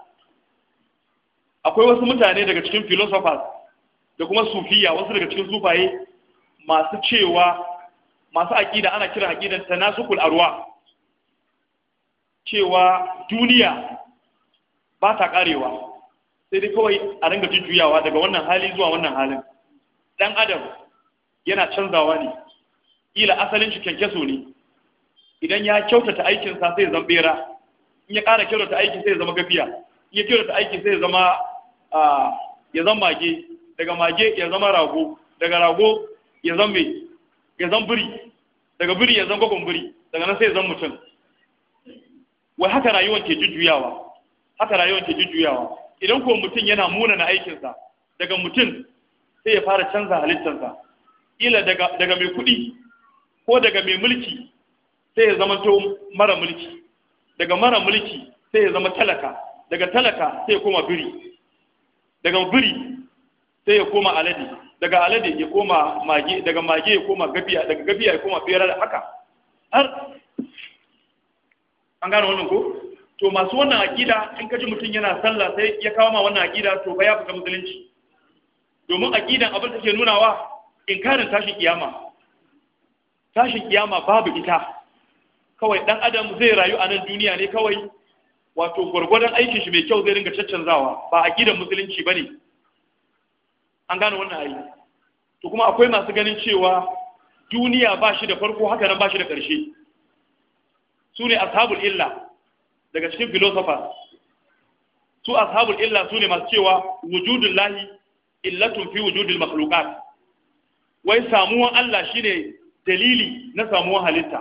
akwai wasu mutane daga cikin philosophers da kuma sufiya wasu daga cikin sufaye masu cewa masu aƙida ana kira aƙidan tanasukul arwa cewa duniya ba ta ƙarewa sai dai kawai a ringa jujjuyawa daga wannan hali zuwa wannan halin dan adam yana canzawa ne kila asalin shi kyankyaso ne idan ya kyautata aikinsa sai zama bera in ya ƙara kyautata aikin sai zama gafiya in ya kyautata aikin sai ya zama ya zama mage daga mage ya zama rago daga rago ya zama ya zama biri daga biri ya zama gwagwan biri daga nan sai ya zama mutum wai haka rayuwar ke jujjuyawa haka rayuwar ke jujjuyawa idan ko mutum yana munana aikinsa daga mutum sai ya fara canza halittarsa ila daga mai kuɗi ko daga mai mulki sai ya zama to mara mulki daga mara mulki sai ya zama talaka daga talaka sai ya koma biri daga biri sai ya koma alade daga alade ya koma mage daga mage ya koma gabiya daga gabiya ya koma bera da haka har an gane wannan ko to masu wannan aƙida in kaji ji mutum yana sallah sai ya kawo ma wannan aƙida to ba ya fita musulunci domin aƙidan abin da ke nunawa inkarin tashin kiyama tashin kiyama babu ita kawai dan adam zai rayu a nan duniya ne kawai wato gwargwadon aikin shi mai kyau zai ringa caccanzawa ba aƙidan musulunci bane an gane wannan ayi to kuma akwai masu ganin cewa duniya ba shi da farko haka nan ba shi da ƙarshe su ne ashabul illa daga cikin filosofa su ashabul illa su ne masu cewa wujudun lahi illatun fi wujudun makhluqat wai samuwan Allah shine dalili na samuwan halitta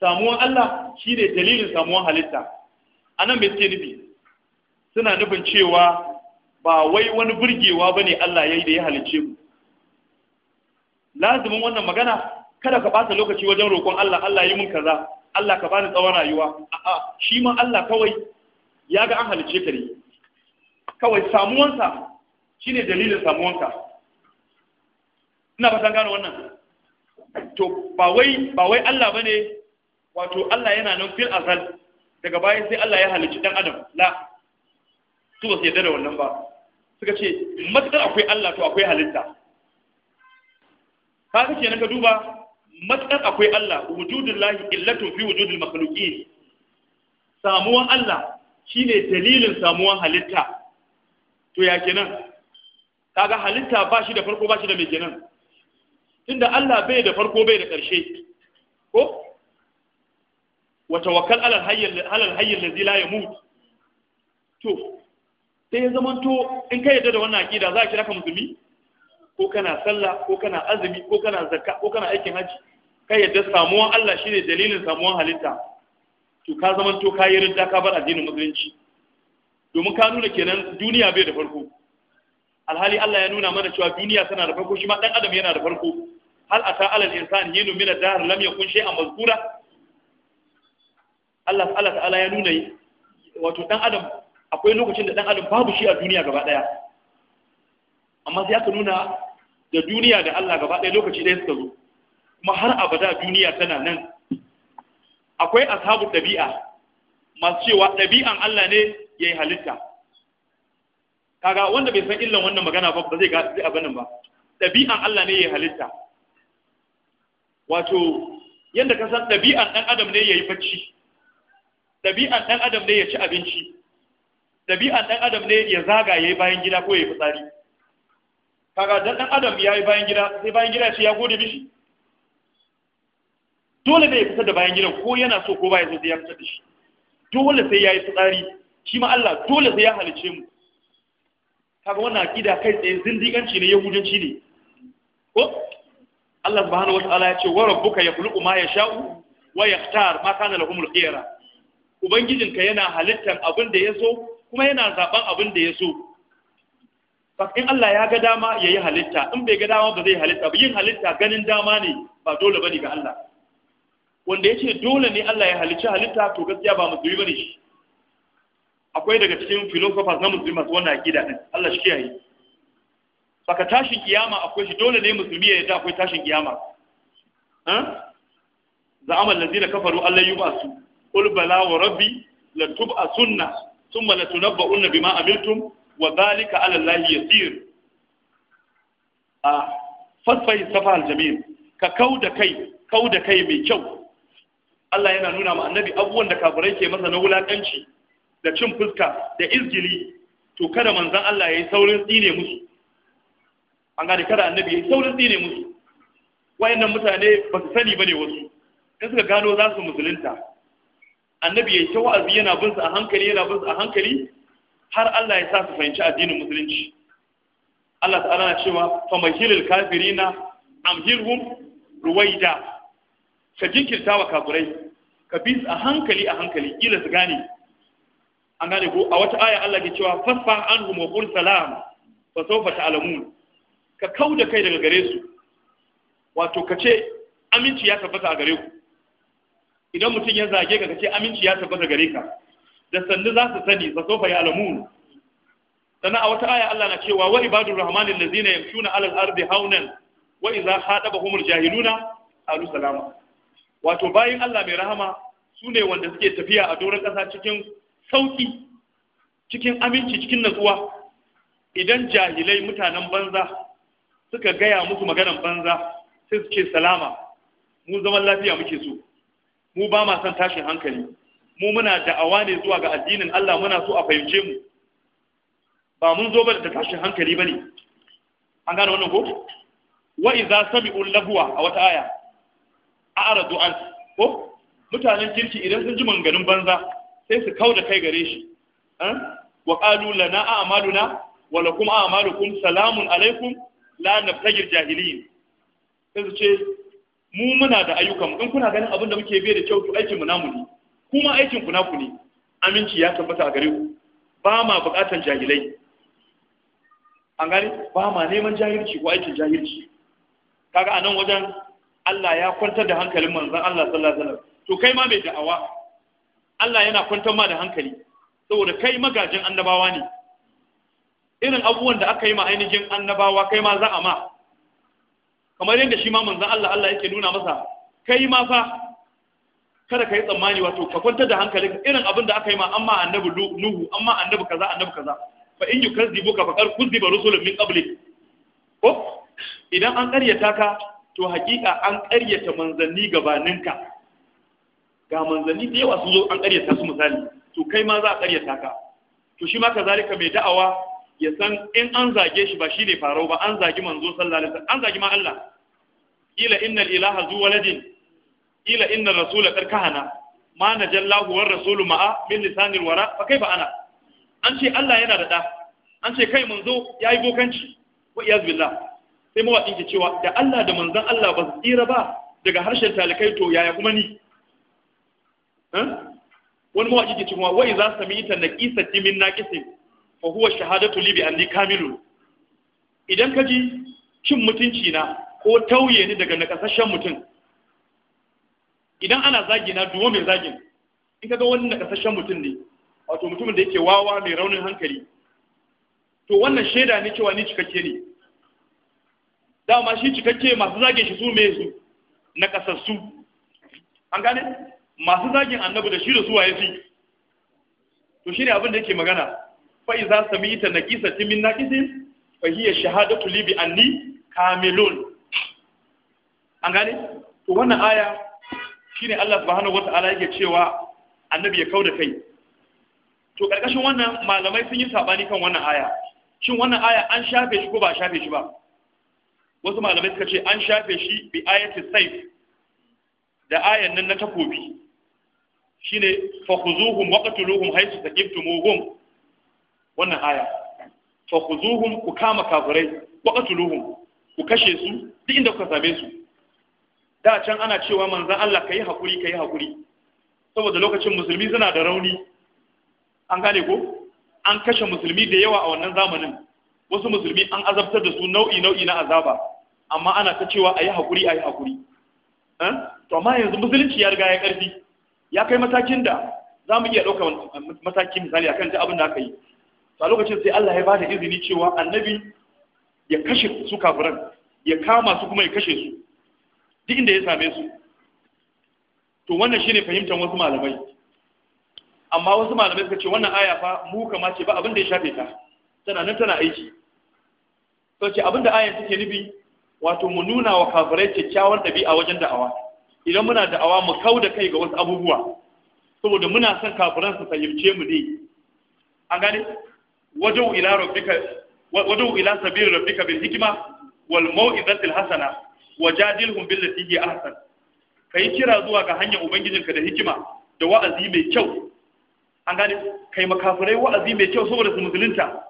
samuwan Allah shi ne dalilin samuwan halitta a nan mai nufi suna nufin cewa ba wai wani burgewa ba ne Allah ya yi da ya halice mu Lazumin wannan magana kada ka bata lokaci wajen roƙon Allah Allah yi mun kaza Allah ka bani tsawon rayuwa a'a shi ma Allah kawai ya ga an halice ka ne kawai samuwansa shine dalilin samuwanka ina san gano wannan to ba wai ba wai wato Allah yana nan fil azal daga bayan sai Allah ya halice dan adam la su ba su yarda da wannan ba suka ce matakar akwai Allah to akwai halitta ka kake na ka duba matsar akwai Allah wujudun lahi illatun fi wujudun makaluki samuwan Allah shine dalilin samuwan halitta to ya kenan kaga halitta ba shi da farko ba shi da mai kenan tunda Allah bai da farko bai da ƙarshe ko wa wakal alal hayy alal hayy allazi la to sai ya to in ka yarda da wannan akida za ka kira ka musulmi ko kana sallah ko kana azumi ko kana zakka ko kana aikin haji ka yadda samuwan Allah shine dalilin samuwan halitta to ka zaman to ka yi rinta ka bar addinin musulunci domin ka nuna kenan duniya bai da farko alhali Allah ya nuna mana cewa duniya tana da farko shi ma dan adam yana da farko hal ata alal insan yinu min ad-dahr lam yakun shay'an mazkura Allah Allah ta'ala ya nuna wato dan adam akwai lokacin da dan adam babu shi a duniya gaba daya amma sai aka nuna da duniya da Allah gaba daya lokaci ɗaya suka zo kuma har abada duniya tana nan akwai ashabu ɗabi'a masu cewa ɗabi'an Allah ne ya yi halitta kaga wanda bai san illan wannan magana ba ba zai ga abin nan ba ɗabi'an Allah ne ya yi halitta wato yadda ka san ɗabi'an ɗan adam ne ya yi bacci ɗabi'an ɗan adam ne ya ci abinci ɗabi'an ɗan adam ne ya zaga ya yi bayan gida ko ya yi fitsari kaga dan ɗan adam ya yi bayan gida sai bayan gida ce ya gode mishi dole ne ya fitar da bayan gidan ko yana so ko baya so sai ya fitar da shi dole sai ya yi fitsari shi ma Allah dole sai ya halice mu kaga wannan akida kai tsaye zindiganci ne yahudanci ne ko Allah subhanahu wataala ya ce wa rabbuka yakhluqu ma yasha'u wa yakhtar ma kana al khiyara ubangijinka yana halittar abin da ya kuma yana zaban abin da ya so in Allah ya ga dama yayi halitta in bai ga dama ba zai halitta ba yin halitta ganin dama ne ba dole bane ga Allah wanda ya ce dole ne Allah ya halicci halitta to gaskiya ba musulmi bane shi akwai daga cikin philosophers na musulmi masu wannan akida din Allah shi kiyaye saka tashin kiyama akwai shi dole ne musulmi ya yarda akwai tashin kiyama eh? amal ladina kafaru Allah yub'asu qul bala wa rabbi la sunna thumma la tunabba'unna bima amiltum wa dhalika 'ala Allah yasir a ah, fasfai safa al-jamil ka kauda kai kauda kai mai kyau Allah yana nuna ma annabi abubuwan da kafirai ke masa na wulakanci da cin fuska da izgili to kada manzon Allah yayi saurin tsine musu an gane kada annabi yayi saurin tsine musu wayannan mutane ba su sani bane wasu in suka gano za su musulunta annabi yayi wa'azi yana bin su a hankali yana bin su a hankali har Allah ya sa su fahimci addinin musulunci Allah ta'ala na cewa famahilil kafirina amhilhum ruwaida ka jinkirta wa kafirai ka bi a hankali a hankali kila su gane an gane ko a wata aya Allah ke cewa fasfa anhum wa qul salam fa sawfa ta'lamun ka kauda kai daga gare su wato ka ce aminci ya tabbata a gare ku idan mutum ya zage ka ce aminci ya tabbata gare ka da sandu za su sani fa sawfa ya'lamun sannan a wata aya Allah na cewa wa ibadur rahmanil allazina yamshuna alal ardi hawnan wa idza khatabahumul jahiluna qalu salama wato bayan Allah mai rahama su ne wanda suke tafiya a doron ƙasa cikin sauƙi cikin aminci cikin natsuwa idan jahilai mutanen banza suka gaya musu maganan banza sai su ce salama mu zaman lafiya muke so mu ba ma son tashin hankali mu muna da'awa ne zuwa ga addinin Allah muna so a fahimce mu ba mun zo ba da tashin hankali bane an gane wannan ko wa idza sami'u lahwa a wata aya a'radu an ko mutanen kirki idan sun ji manganin banza sai su kauda kai gare shi An? Eh? wa qalu lana a'maluna wa lakum a'malukum salamun alaikum la nabtagir jahiliyin. sai su ce mu muna da ayyukan in kuna ganin abin da muke biye da kyau to aikin mu namu ne kuma aikin ku naku ne aminci ya tabbata a gare ku ba ma bukatan jahilai an gani? ba ma neman jahilci ko aikin jahilci kaga anan wajen Allah ya kwantar da hankalin manzon Allah sallallahu alaihi wasallam to kai ma mai da'awa Allah yana kwantar ma da hankali saboda kai magajin annabawa ne irin abubuwan da aka yi ma ainihin annabawa kai ma za a ma kamar yadda shi ma manzon Allah Allah yake nuna masa kai ma fa kada ka yi tsammani wato ka kwantar da hankali? irin abin da aka yi ma amma annabi nuhu amma annabi kaza annabi kaza fa in yukazzibu ka faqad kuzziba rusulun min qablik ko idan an ƙaryata ka to hakika an ƙaryata manzanni gabaninka ga manzanni da yawa sun zo an ƙaryata su misali to kai ma za a ƙaryata ka to shi ma Zalika mai da'awa ya san in an zage shi ba shi ne farau ba an zagi manzo sallallahu alaihi wasallam an zagi ma Allah ila innal ilaha zu waladin ila innar rasula karkahana ma najallahu war rasul ma'a min lisanil wara fa kaifa ana an ce Allah yana da da an ce kai manzo yayi bokanci wa iyaz billah sai mawaƙin ke cewa da Allah da manzan Allah ba su tsira ba daga harshen talikai to yaya kuma ni wani mawaƙi ke cewa wai za su mita na ƙisa timin na ƙisa fa huwa shahadatu libi anni kamilu idan ka ji cin mutunci na ko tauye ni daga nakasashen mutum idan ana zagi na duwa mai zagin in ka ga wani nakasashen mutum ne wato mutumin da yake wawa mai raunin hankali to wannan shaida ne cewa ni cikakke ne dama shi cikakke masu zage shi su me su na kasassu an gane masu zagin annabi da shi da su waye su to shine abin da yake magana fa iza samita naqisatin min naqisin fa hiya shahadatu li bi anni kamilun an gane to wannan aya shine Allah subhanahu wataala yake cewa annabi ya kauda kai to karkashin wannan malamai sun yi sabani kan wannan aya shin wannan aya an shafe shi ko ba a shafe shi ba wasu malamai suka ce an shafe shi bi ayatul saif da ayan nan na takobi shine fakhuzuhum waqtuluhum haythu taqibtumuhum wannan aya fakhuzuhum ku kama kafirai waqtuluhum ku kashe su duk inda kuka same su da can ana cewa manzon Allah kai hakuri kai hakuri saboda lokacin musulmi suna da rauni an gane ko an kashe musulmi da yawa a wannan zamanin wasu musulmi an azabtar da su nau'i nau'i na azaba amma ana ta cewa ayi hakuri ayi hakuri eh? to amma yanzu musulunci ya riga ya karfi ya kai matakin da za iya dauka mataki misali akan ta abin da aka yi to a lokacin sai Allah ya bada izini cewa annabi ya kashe su kafiran ya kama su kuma ya kashe su duk inda ya same su to wannan shine fahimtar wasu malamai amma wasu malamai suka ce wannan aya fa mu kama ce ba abin da ya shafe ta tana nan tana aiki so ce abinda ayyar suke nufi wato mu nuna wa kafirai kyakkyawar ɗabi'a wajen da'awa idan muna da'awa mu kau da kai ga wasu abubuwa saboda muna son kafiran su fahimce mu ne an gane wajen ila rabbika wajen ila sabir rabbika bil hikima wal mau'izatil hasana wajadilhum billati hi ahsan kai kira zuwa ga hanyar ubangijinka da hikima da wa'azi mai kyau an gane kai makafirai wa'azi mai kyau saboda su musulunta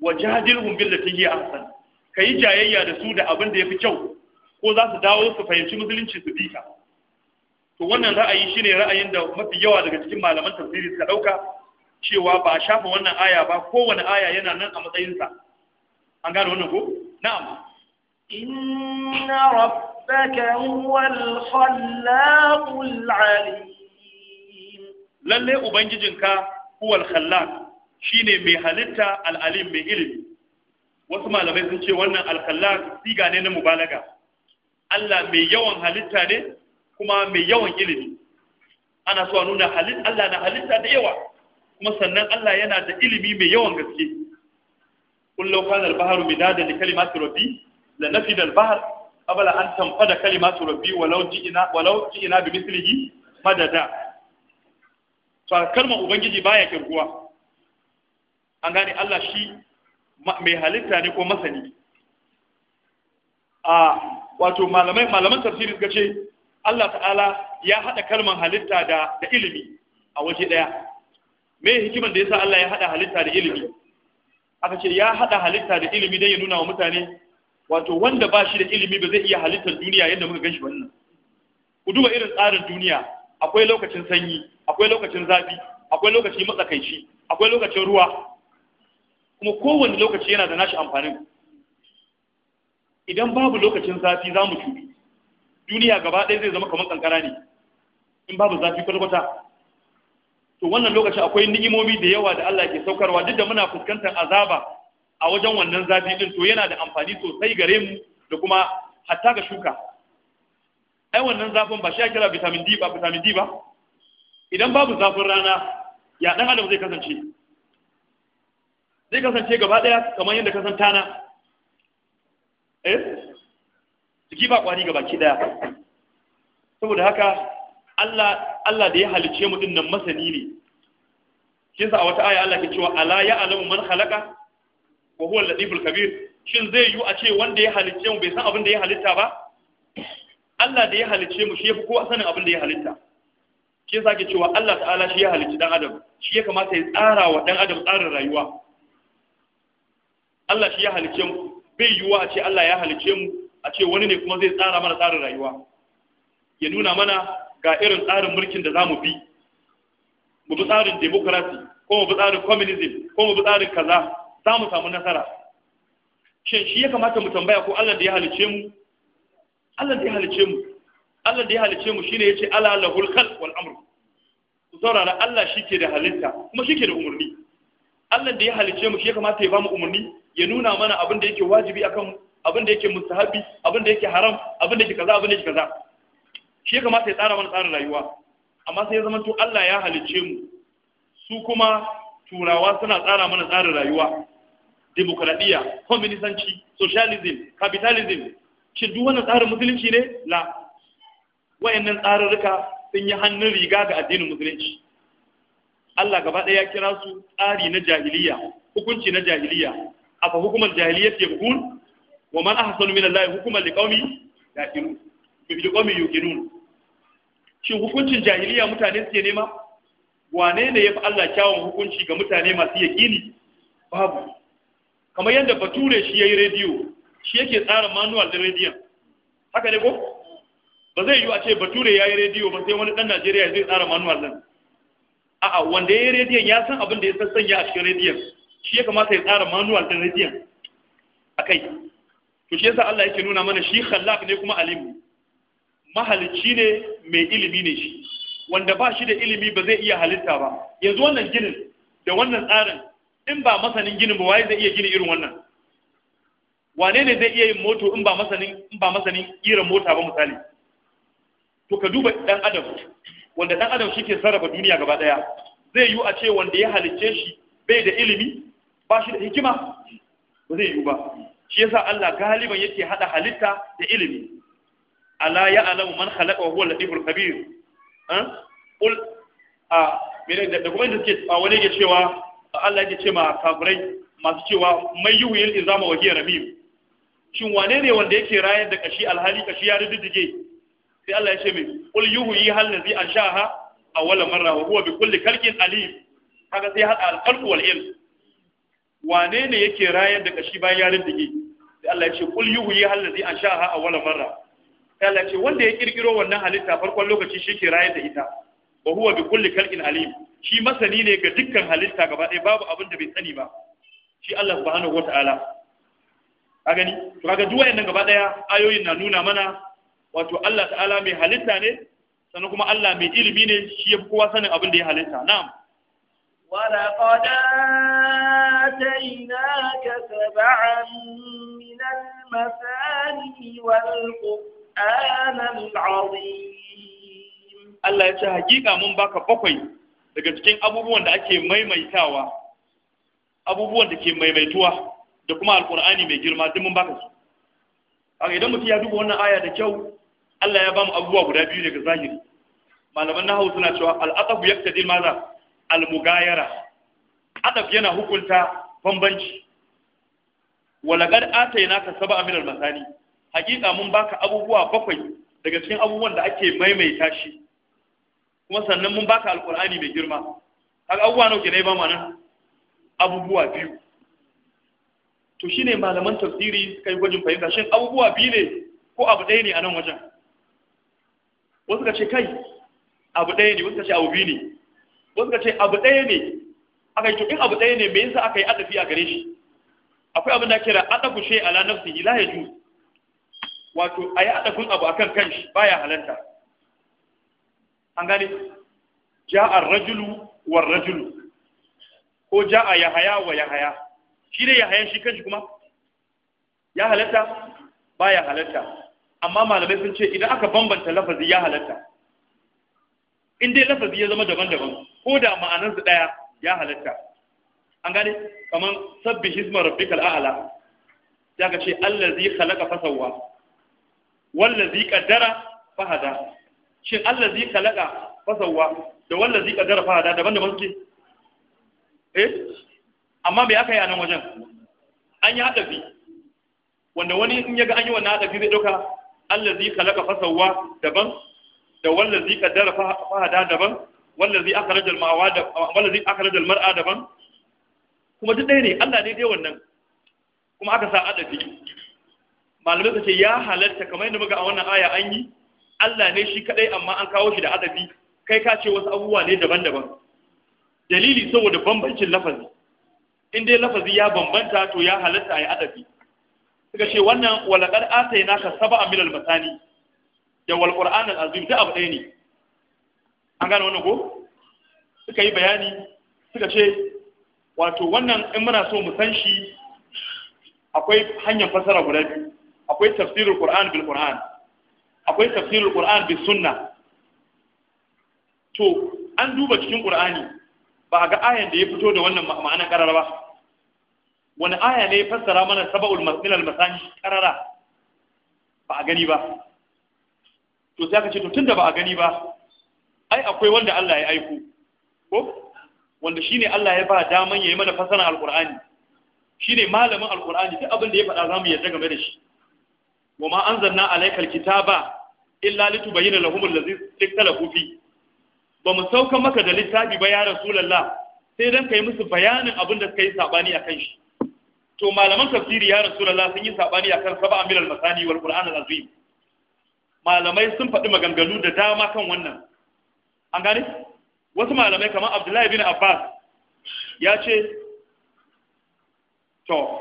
wa jahadilhum billati hi ahsan kai jayayya da su da abin da yafi kyau ko za su dawo su fahimci musulunci su bika to wannan ra'ayi shine ra'ayin da mafi yawa daga cikin malaman tafsiri suka dauka cewa ba a shafa wannan aya ba kowane aya yana nan a matsayin sa. an gane wannan ko na'am inna rabbaka huwal khallaqul alim lalle ubangijinka huwal khallaq shine mai halitta al'alim mai ilimi wasu malamai sun ce wannan alkallak siga ne na mubalaga Allah mai yawan halitta ne kuma mai yawan ilimi ana so a nuna halitta Allah na halitta da yawa kuma sannan Allah yana da ilimi mai yawan gaske kullum kana al-bahru midadan li kalimati rabbi la nafida al-bahr abala an tanfada kalimatu rabbi walau ji'ina walau ji'ina bi mithlihi madada to kalmar ubangiji baya kirguwa an gane Allah shi mai halitta ne ko masani a wato malamai malaman tafsiri suka ce Allah ta'ala ya haɗa kalman halitta da da ilimi a waje daya me hikiman da yasa Allah ya haɗa halitta da ilimi aka ce ya haɗa halitta da ilimi dan ya nuna wa mutane wato wanda ba shi da ilimi ba zai iya halittar duniya yadda muka ganshi wannan ku duba irin tsarin duniya akwai lokacin sanyi akwai lokacin zafi akwai lokacin matsakaici akwai lokacin ruwa kuma kowane lokaci yana da nashi amfanin idan babu lokacin zafi za mu cutu duniya gaba ɗaya zai zama kamar kankara ne in babu zafi kwata-kwata to wannan lokaci akwai ni'imomi da yawa da Allah ke saukarwa duk da muna fuskantar azaba a wajen wannan zafi din to yana da amfani sosai gare mu da kuma hatta ga shuka ai wannan zafin ba shi ya kira vitamin D ba vitamin D ba idan babu zafin rana ya dan adam zai kasance zai kasance gaba ɗaya kamar yadda ka san tana eh jiki ba kwari gaba ki ɗaya saboda haka Allah Allah da ya halice mu din nan masani ne shin sa a wata aya Allah ke cewa ala ya alamu man khalaqa wa huwa al-latiful kabir shin zai yi a ce wanda ya halice mu bai san abin da ya halitta ba Allah da ya halice mu shi yafi kowa sanin abin da ya halitta shi yasa ke cewa Allah ta'ala shi ya halice dan adam shi ya kamata ya tsara wa dan adam tsarin rayuwa Allah shi ya halice mu bai yiwuwa a ce Allah ya halice mu a ce wani ne kuma zai tsara mana tsarin rayuwa ya nuna mana ga irin tsarin mulkin da za mu bi mu bi tsarin demokrasi ko mu bi tsarin communism ko mu bi tsarin kaza za mu samu nasara shin shi ya kamata mu tambaya ko Allah da ya halice mu Allah da ya halice mu Allah da ya halice mu shine yace ala lahul khalq wal amr ku saurara Allah shike da halitta kuma shike da umurni Allah da ya halice mu shi ya kamata ya ba mu umurni ya nuna mana abin da yake wajibi akan abin da yake mustahabi abin da yake haram abin da yake kaza abin da yake kaza shi ya kamata ya tsara mana tsarin rayuwa amma sai ya zama to Allah ya halicce mu su kuma turawa suna tsara mana tsarin rayuwa demokradiya communism socialism capitalism shin duk wannan tsarin musulunci ne la wayannan tsarurruka sun yi hannun riga ga addinin musulunci Allah gaba ɗaya ya kira su tsari na jahiliya hukunci na jahiliya afa hukumar ke yabghun wa man ahsanu min Allah hukuman liqaumi yaqinun bi liqaumi yuqinun shin hukuncin jahiliya mutane suke nema wane ne yafi Allah kyawun hukunci ga mutane masu yaqini babu kamar yadda bature shi yayi rediyo shi yake tsara manual din rediyon haka ne ko ba zai yi a ce bature ya yi rediyo ba sai wani dan Najeriya zai tsara manual din a'a wanda ya yi rediyon ya san abin da ya sassanya a cikin rediyon shi ya kamata ya tsara manual din a kai to shi yasa Allah yake nuna mana shi khallaq ne kuma alim mahalicci ne mai ilimi ne shi wanda ba shi da ilimi ba zai iya halitta ba yanzu wannan ginin da wannan tsarin in ba masanin ginin ba waye zai iya gini irin wannan wane ne zai iya yin moto in ba masanin in ba masanin irin mota ba misali to ka duba dan adam wanda dan adam shi ke sarrafa duniya gaba daya zai yi a ce wanda ya halicce shi bai da ilimi ba shi da hikima ba zai yi ba shi yasa Allah galiban yake hada halitta da ilimi ala ya alamu man khalaqa wa huwa latiful khabir an qul a mere da kuma inda suke a wani yake cewa Allah yake ce ma kafirai masu cewa mai yuhil izama wa hiya shin wane ne wanda yake rayar da kashi alhali kashi ya riddige sai Allah ya ce mai qul yi hal ladhi anshaha awwala marra wa huwa bi kulli khalqin alim haka sai hada al-khalq wal ilm wane ne yake rayar da kashi bayan ya rindige da Allah ya ce kul yuhyi allazi anshaha awwala marra sai Allah ya ce wanda ya kirkiro wannan halitta farkon lokaci shi ke rayar da ita wa huwa bi kulli alim shi masani ne ga dukkan halitta gaba ɗaya babu abin da bai sani ba shi Allah subhanahu wataala a gani to kaga duwayen nan gaba ɗaya ayoyin na nuna mana wato Allah ta'ala mai halitta ne sannan kuma Allah mai ilimi ne shi ya fi kowa sanin abin da ya halitta na'am ولقد آتيناك سبعا من المثاني والقرآن العظيم الله يتشى حقيقة من باك بقوي daga cikin abubuwan da ake maimaitawa abubuwan da ke maimaituwa da kuma alkur'ani mai girma duk mun baka su haka idan mutum ya duba wannan aya da kyau Allah ya ba mu abubuwa guda biyu daga zahiri malaman nahawu suna cewa al-aqab yaqtadi maza al-mugayara adab yana hukunta bambanci walaqad atainaka sab'a min al-masani hakika mun baka abubuwa bakwai daga cikin abubuwan da ake maimaita shi kuma sannan mun baka al-qur'ani mai girma kaga abubuwa nawa ne ba mana abubuwa biyu to shine malaman tafsiri kai gwajin fahimta shin abubuwa biyu ne ko abu ɗaya ne a nan wajen wasu ka ce kai abu ɗaya ne wasu ka ce abu biyu ne wasu ka ce abu ɗaya ne aka yi in abu ɗaya ne me yinsa aka yi adafi a gare shi akwai abin da kira a shay ala yi la ju wato yi adafin abu a shi kanshi ya halarta an gane ja a rajulu wa rajulu ko ja a yahaya wa yahaya shi ne yahaya shi kanshi kuma ya halatta ya halatta amma malamai sun ce idan aka bambanta lafazi ya halatta in dai lafazi ya zama daban-daban ko da su ɗaya ya halatta an gane kamar sabbi hizmar rabbikal a'la ya ga ce allazi khalaqa fasawwa wallazi qaddara fahada shin allazi khalaqa fasawwa da wallazi qaddara fahada daban-daban suke eh amma me aka yi a nan wajen an yi bi. wanda wani in yaga an yi wannan bi zai dauka allazi khalaqa fasawwa daban da wallazi qaddara fahada daban wallazi akhraj al mawa da wallazi akhraj mar'a daban kuma duk ɗaya ne Allah ne dai wannan kuma aka sa adafi malamai su ce ya halatta kamar yadda muka a wannan aya an yi Allah ne shi kadai amma an kawo shi da adafi kai ka ce wasu abubuwa ne daban-daban dalili saboda bambancin lafazi in dai lafazi ya bambanta to ya halatta a yi adafi suka ce wannan walakar ata yana ka saba a milal masani da walƙur'an al'azim da abu ɗaya ne an gane wannan ko suka yi bayani suka ce wato wannan in muna so mu san shi akwai hanyar fasara guda biyu akwai tafsirul qur'an bil qur'an akwai tafsirul qur'an bis sunna to an duba cikin qur'ani ba ga ayan da ya fito da wannan ma'ana karara ba wani aya ne ya fassara mana saba'ul masnil masani karara ba a gani ba to sai aka ce to tunda ba a gani ba ai akwai wanda Allah ya aiko ko wanda shine Allah ya ba daman yayi mana fasara alqur'ani shine malamin alqur'ani duk abin da ya faɗa zamu yadda game da shi wa ma anzalna alayka alkitaba illa litubayyana lahum allazi ikhtalafu fi ba mu sauka maka da littafi ba ya rasulullah sai dan kai musu bayanin abin da suka yi sabani akan shi to malaman tafsiri ya rasulullah sun yi sabani akan sab'a milal Masani wal qur'an alazim malamai sun faɗi maganganu da dama kan wannan an gane wasu malamai kamar abdullahi bin abbas ya ce to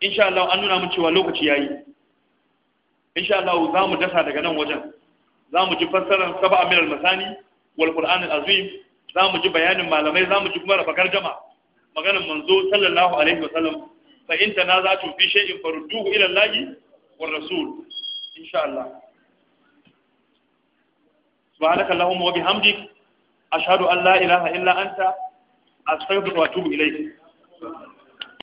insha Allah an nuna mun cewa lokaci yayi insha Allah za mu dasa daga nan wajen za mu ji fassarar sab'a min al-masani wal qur'an al-azim za mu ji bayanin malamai za mu ji kuma rafakar jama'a maganar manzo sallallahu alaihi wa sallam fa in tanaza'tum fi shay'in farudduhu ila Allah wa rasul insha Allah subhanaka allahumma wa hamdi a an Allah ilaha illa anta astaghfiruka wa atubu ilayk